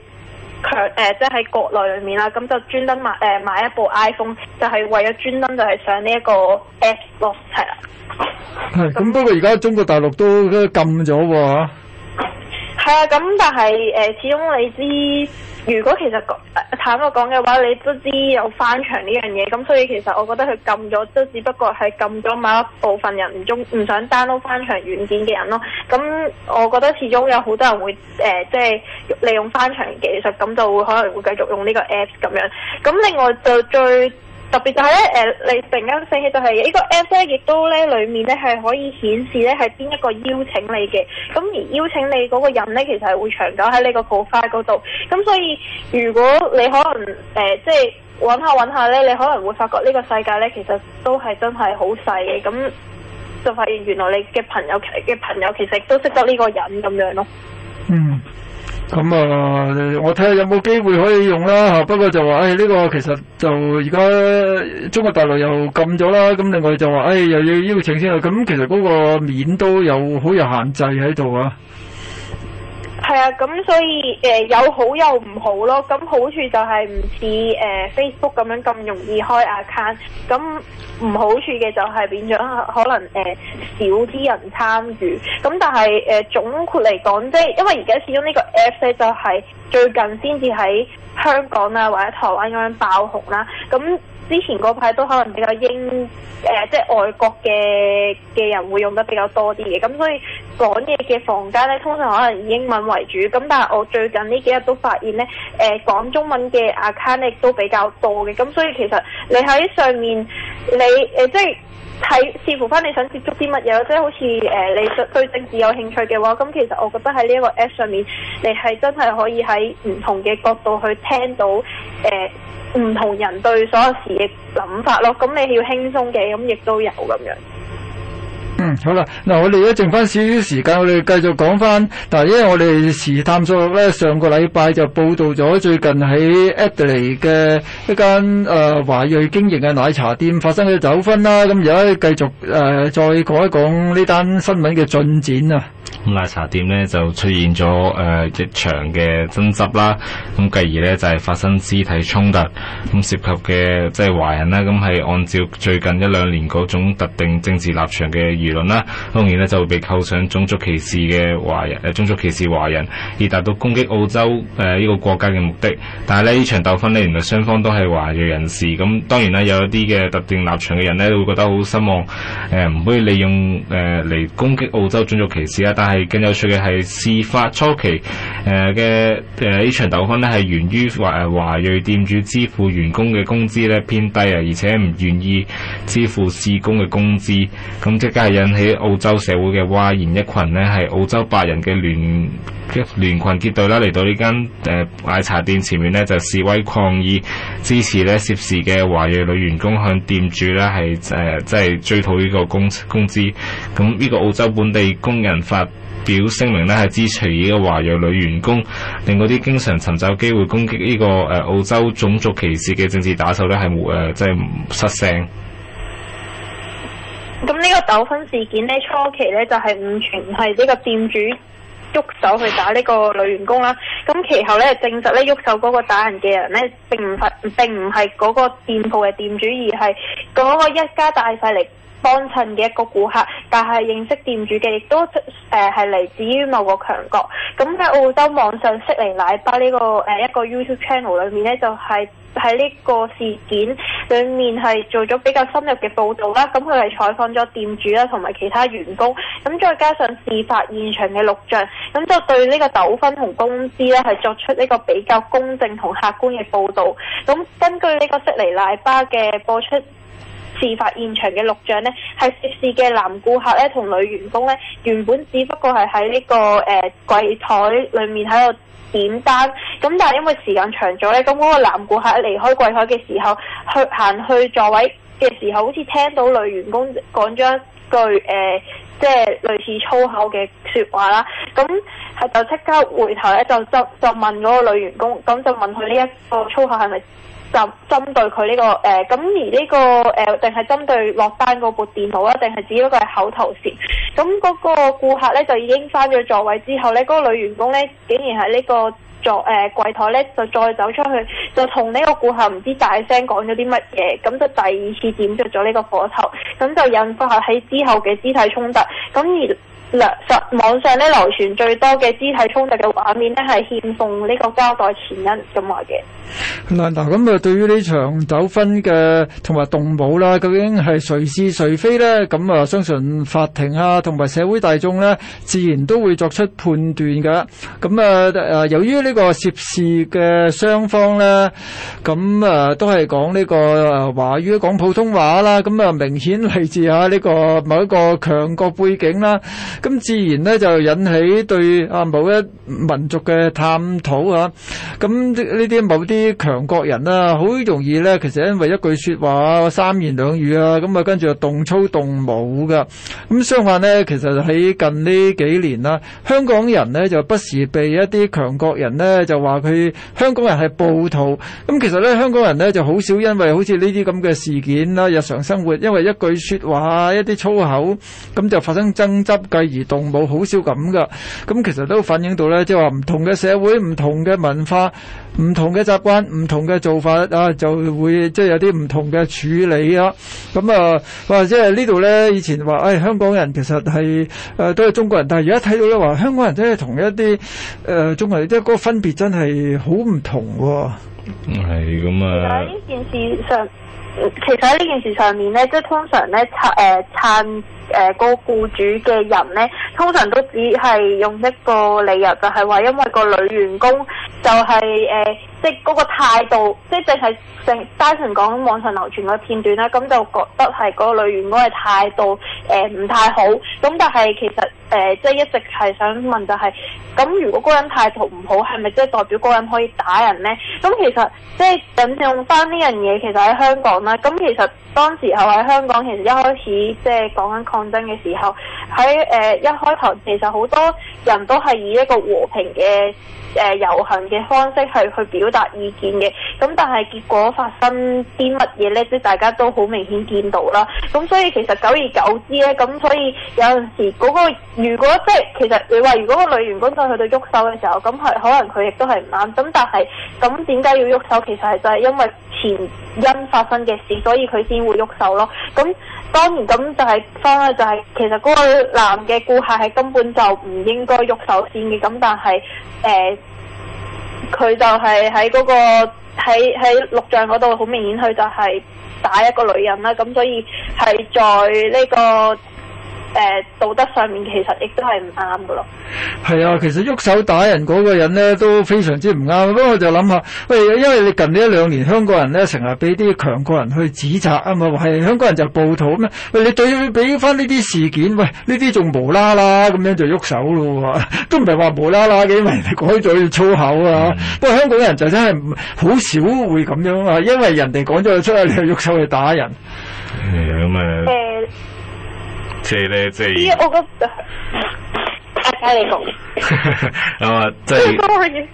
強誒，即係喺國內裏面啦，咁就專登買誒、呃、買一部 iPhone，就係為咗專登就係上呢一個 app 落嚟啊。係咁啊，不過而家中國大陸都禁咗喎係啊，咁但係誒、呃，始終你知，如果其實講坦白講嘅話，你都知有翻牆呢樣嘢，咁所以其實我覺得佢禁咗，都只不過係禁咗某一部分人唔中唔想 download 翻牆軟件嘅人咯。咁我覺得始終有好多人會誒、呃，即係利用翻牆技術，咁就會可能會繼續用呢個 apps 咁樣。咁另外就最，特別就係咧，誒、呃，你突然間醒起，就係呢個 app 咧，亦都咧裏面咧係可以顯示咧係邊一個邀請你嘅，咁而邀請你嗰個人咧，其實係會長久喺呢個 p 花嗰度，咁所以如果你可能，誒、呃，即係揾下揾下咧，你可能會發覺呢個世界咧，其實都係真係好細嘅，咁就發現原來你嘅朋友其嘅朋友其實都識得呢個人咁樣咯，嗯。咁啊，我睇下有冇機會可以用啦嚇。不過就話，唉，呢個其實就而家中國大陸又禁咗啦。咁另外就話，唉，又要邀請先啊。咁其實嗰個面都有好有限制喺度啊。係啊，咁所以誒、呃、有好有唔好咯。咁好處就係唔似誒 Facebook 咁樣咁容易開 account。咁唔好處嘅就係變咗可能誒、呃、少啲人參與。咁但係誒、呃、總括嚟講，即係因為而家始終呢個 app 就係最近先至喺香港啊或者台灣咁樣爆紅啦。咁之前排都可能比較英誒、呃，即係外國嘅嘅人會用得比較多啲嘅。咁、嗯、所以講嘢嘅房間咧，通常可能以英文為主。咁、嗯、但係我最近呢幾日都發現咧，誒、呃、講中文嘅 account 亦都比較多嘅，咁、嗯、所以其實你喺上面，你誒、呃、即係睇視乎翻你想接觸啲乜嘢，咯，即係好似誒、呃、你對政治有興趣嘅話，咁、嗯、其實我覺得喺呢一個 app 上面，你係真係可以喺唔同嘅角度去聽到誒唔、呃、同人對所有事。嘅諗法咯，咁你要輕鬆嘅，咁亦都有咁樣。嗯，好啦，嗱，我哋而家剩翻少少時間，我哋繼續講翻。但係因為我哋時事探索咧，上個禮拜就報道咗最近喺 Adelaide、e、嘅一間誒華裔經營嘅奶茶店發生嘅糾紛啦。咁而家繼續誒、呃、再講一講呢單新聞嘅進展啊。咁奶茶店呢就出現咗誒、呃、一場嘅爭執啦。咁、啊、繼而呢，就係、是、發生肢體衝突。咁、啊、涉及嘅即係華人啦。咁、啊、係按照最近一兩年嗰種特定政治立場嘅。輿論啦，當然咧就會被扣上種族歧視嘅華人，誒、呃、種族歧視華人，而達到攻擊澳洲誒呢、呃這個國家嘅目的。但係咧呢場糾紛咧，原來雙方都係華裔人士，咁、嗯、當然啦，有一啲嘅特定立場嘅人咧會覺得好失望，誒、呃、唔可以利用誒嚟、呃、攻擊澳洲種族歧視啊。但係更有趣嘅係事發初期誒嘅誒呢場糾紛咧係源於華華裔店主支付員工嘅工資咧偏低啊，而且唔願意支付試工嘅工資，咁即係引起澳洲社會嘅譁然，一群呢係澳洲白人嘅聯聯群結隊啦，嚟到呢間誒奶茶店前面呢，就示威抗議，支持呢涉事嘅華裔女員工向店主呢係誒即係追討呢個工工資。咁、嗯、呢、這個澳洲本地工人發表聲明呢係支持呢個華裔女員工，令嗰啲經常尋找機會攻擊呢、這個誒、呃、澳洲種族歧視嘅政治打手呢係冇誒即係唔失聲。咁呢個糾紛事件咧，初期咧就係誤傳係呢個店主喐手去打呢個女員工啦，咁其後咧，證實咧喐手嗰個打人嘅人咧並唔係，並唔係嗰個店鋪嘅店主，而係嗰個一家大細嚟幫襯嘅一個顧客，但係認識店主嘅亦都誒係嚟自於某個強國。咁、嗯、喺澳洲網上悉尼奶爸呢個誒、呃、一個 YouTube channel 裏面呢，就係喺呢個事件裏面係做咗比較深入嘅報導啦。咁佢係採訪咗店主啦，同埋其他員工。咁、嗯、再加上事發現場嘅錄像，咁、嗯、就對呢個糾紛同工資呢係作出呢個比較公正同客觀嘅報導。咁、嗯、根據呢、這個悉尼奶爸嘅播出。事發現場嘅錄像呢，係涉事嘅男顧客呢同女員工呢，原本只不過係喺呢個誒、呃、櫃台裏面喺度點單，咁但係因為時間長咗呢，咁嗰個男顧客離開櫃台嘅時候，去行去座位嘅時候，好似聽到女員工講咗一句誒，即、呃、係、就是、類似粗口嘅説話啦，咁係就即刻回頭呢，就就就問嗰個女員工，咁就問佢呢一個粗口係咪？就針對佢呢、這個誒，咁、呃、而呢、這個誒，定、呃、係針對落單嗰部電腦啦，定係只不過係口頭説。咁嗰個顧客呢，就已經返咗座位之後呢，嗰、那個女員工呢，竟然喺呢個座誒、呃、櫃枱呢，就再走出去，就同呢個顧客唔知大聲講咗啲乜嘢，咁就第二次點着咗呢個火頭，咁就引發喺之後嘅肢體衝突，咁而。嗱，實網上咧流傳最多嘅肢體衝突嘅畫面咧，係欠奉呢個交代前因咁話嘅。嗱嗱、嗯，咁、嗯、啊、嗯，對於呢場糾紛嘅同埋動武啦，究竟係誰是誰非呢？咁、嗯、啊，相信法庭啊，同埋社會大眾呢，自然都會作出判斷嘅。咁、嗯、啊，誒、嗯，由於呢個涉事嘅雙方呢，咁、嗯、啊，都係講呢個華語，講普通話啦，咁、嗯、啊，明顯嚟自下呢個某一個強國背景啦。咁自然咧就引起對啊某一民族嘅探討啊，咁呢啲某啲強國人啊，好容易咧，其實因為一句說話，三言兩語啊，咁啊跟住就動粗動武噶。咁相反咧，其實喺近呢幾年啦、啊，香港人咧就不時被一啲強國人咧就話佢香港人係暴徒。咁其實咧，香港人咧就好少因為好似呢啲咁嘅事件啦，日常生活，因為一句說話，一啲粗口，咁就發生爭執計。移動冇好少咁噶，咁、嗯、其實都反映到咧，即係話唔同嘅社會、唔同嘅文化、唔同嘅習慣、唔同嘅做法啊，就會即係、就是、有啲唔同嘅處理啊。咁啊，或者係呢度咧，以前話誒、哎、香港人其實係誒、呃、都係中國人，但係而家睇到咧話，香港人真係同一啲誒、呃、中國人，即係嗰個分別真係好唔同喎。係咁啊！喺呢、啊、件事上，其實喺呢件事上面咧，即係通常咧撐誒撐。誒、呃、那個僱主嘅人呢，通常都只係用一個理由，就係話因為個女員工就係、是、誒、呃，即係嗰個態度，即係淨係淨單純講網上流傳個片段啦，咁就覺得係個女員工嘅態度誒、唔、呃、太好，咁但係其實。誒、呃，即係一直係想問、就係，就係咁。如果個人態度唔好，係咪即係代表個人可以打人呢？咁其實即係引用翻呢樣嘢，其實喺香港啦。咁、嗯、其實當時候喺香港，其實一開始即係講緊抗爭嘅時候，喺誒、呃、一開頭，其實好多人都係以一個和平嘅。誒，遊行嘅方式去去表達意見嘅，咁但係結果發生啲乜嘢呢？即係大家都好明顯見到啦。咁所以其實久而久之呢，咁所以有陣時嗰個如果即係，其實你話如果個女員工再去到喐手嘅時候，咁係可能佢亦都係唔啱。咁但係咁點解要喐手？其實係就係因為前。因發生嘅事，所以佢先會喐手咯。咁當然、就是，咁就係翻咧，就係其實嗰個男嘅顧客係根本就唔應該喐手先嘅。咁但係誒，佢、呃、就係喺嗰個喺喺錄像嗰度，好明顯佢就係打一個女人啦。咁所以係在呢、這個。誒道德上面其實亦都係唔啱嘅咯。係啊，其實喐手打人嗰個人咧都非常之唔啱。不過我就諗下，喂，因為你近呢一兩年香港人咧成日俾啲強國人去指責啊，嘛？話係香港人就暴徒咩？喂，你對比翻呢啲事件，喂，呢啲仲無啦啦咁樣就喐手咯，都唔係話無啦啦嘅，因為你改講咗粗口啊。不過香港人就真係好少會咁樣啊，因為人哋趕咗佢出嚟，你喐手去打人。咁誒。即係咧，即係、即係即係。我講，阿阿你講。咁啊，即係。sorry。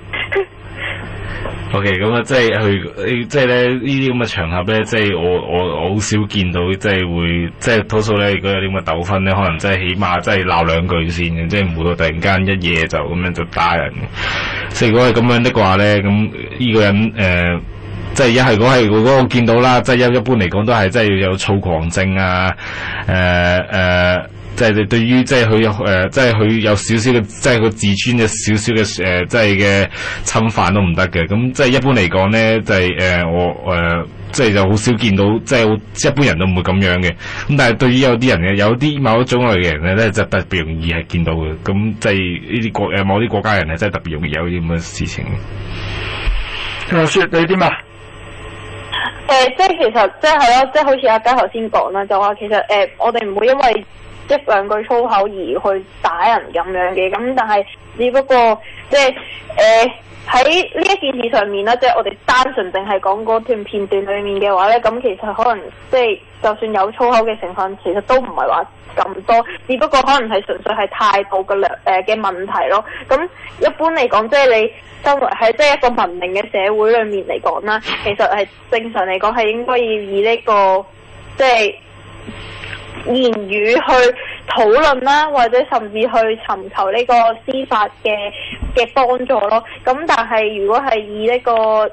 OK，咁啊，即係去，即係咧呢啲咁嘅場合咧，即係我我好少見到，即係會，即係多數咧，如果有啲咁嘅糾紛咧，可能即係起碼即係鬧兩句先嘅，即係唔會到突然間一夜就咁樣就打人。如果係咁樣的話咧，咁呢個人誒。呃即係一係，我係個見到啦。即係一一般嚟講，都係即係要有躁狂症啊。誒、呃、誒、即、呃、係、就是、對於即係佢誒，即係佢有少少嘅，即係個自尊嘅少少嘅誒，即係嘅侵犯都唔得嘅。咁即係一般嚟講咧，就係、是、誒、呃、我誒、即、呃、係就好、是、少見到，即、就、係、是、一般人都唔會咁樣嘅。咁但係對於有啲人嘅，有啲某一種類嘅人咧，就特別容易係見到嘅。咁即係呢啲國誒某啲國家人係真係特別容易有呢啲咁嘅事情。聽我講，你點啊？誒、嗯，即係其實，即係咯，即係好似阿佳頭先講啦，就話其實誒、呃，我哋唔會因為一兩句粗口而去打人咁樣嘅，咁但係只不過即係誒。呃喺呢一件事上面咧，即係我哋單純淨係講嗰段片段裏面嘅話咧，咁其實可能即係就算有粗口嘅成分，其實都唔係話咁多，只不過可能係純粹係態度嘅量誒嘅問題咯。咁一般嚟講，即係你生活喺即係一個文明嘅社會裏面嚟講啦，其實係正常嚟講係應該要以呢個即係。就是言語去討論啦，或者甚至去尋求呢個司法嘅嘅幫助咯。咁但係如果係以呢個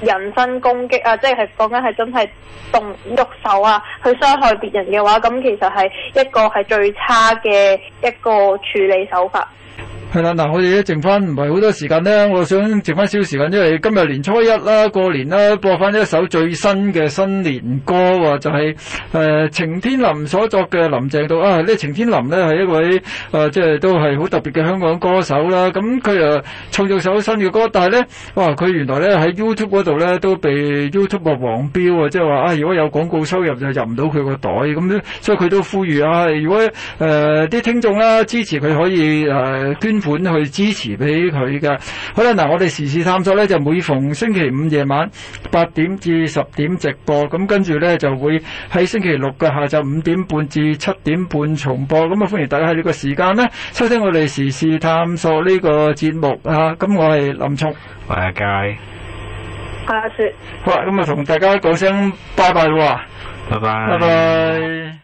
人身攻擊啊，即係講緊係真係動喐手啊，去傷害別人嘅話，咁其實係一個係最差嘅一個處理手法。係啦，嗱，我哋咧剩翻唔係好多時間咧，我想剩翻少少時間，因為今日年初一啦，過年啦，播翻一首最新嘅新年歌喎，就係誒晴天林所作嘅林鄭度啊，呢個晴天林咧係一位誒即係都係好特別嘅香港歌手啦。咁佢誒創作首新嘅歌，但係咧哇，佢、啊、原來咧喺 YouTube 度咧都被 YouTube 個黃標啊，即係話啊，如果有廣告收入就入唔到佢個袋咁，所以佢都呼籲啊，如果誒啲、呃、聽眾啦支持佢可以誒、呃、捐。本去支持俾佢嘅，好啦嗱，我哋時事探索呢，就每逢星期五夜晚八點至十點直播，咁跟住呢，就會喺星期六嘅下晝五點半至七點半重播，咁啊歡迎大家喺呢個時間呢收聽我哋時事探索呢個節目啊！咁我係林聰，我係阿佳，我係阿雪。好啦，咁啊同大家講聲拜拜喎！拜拜，拜拜。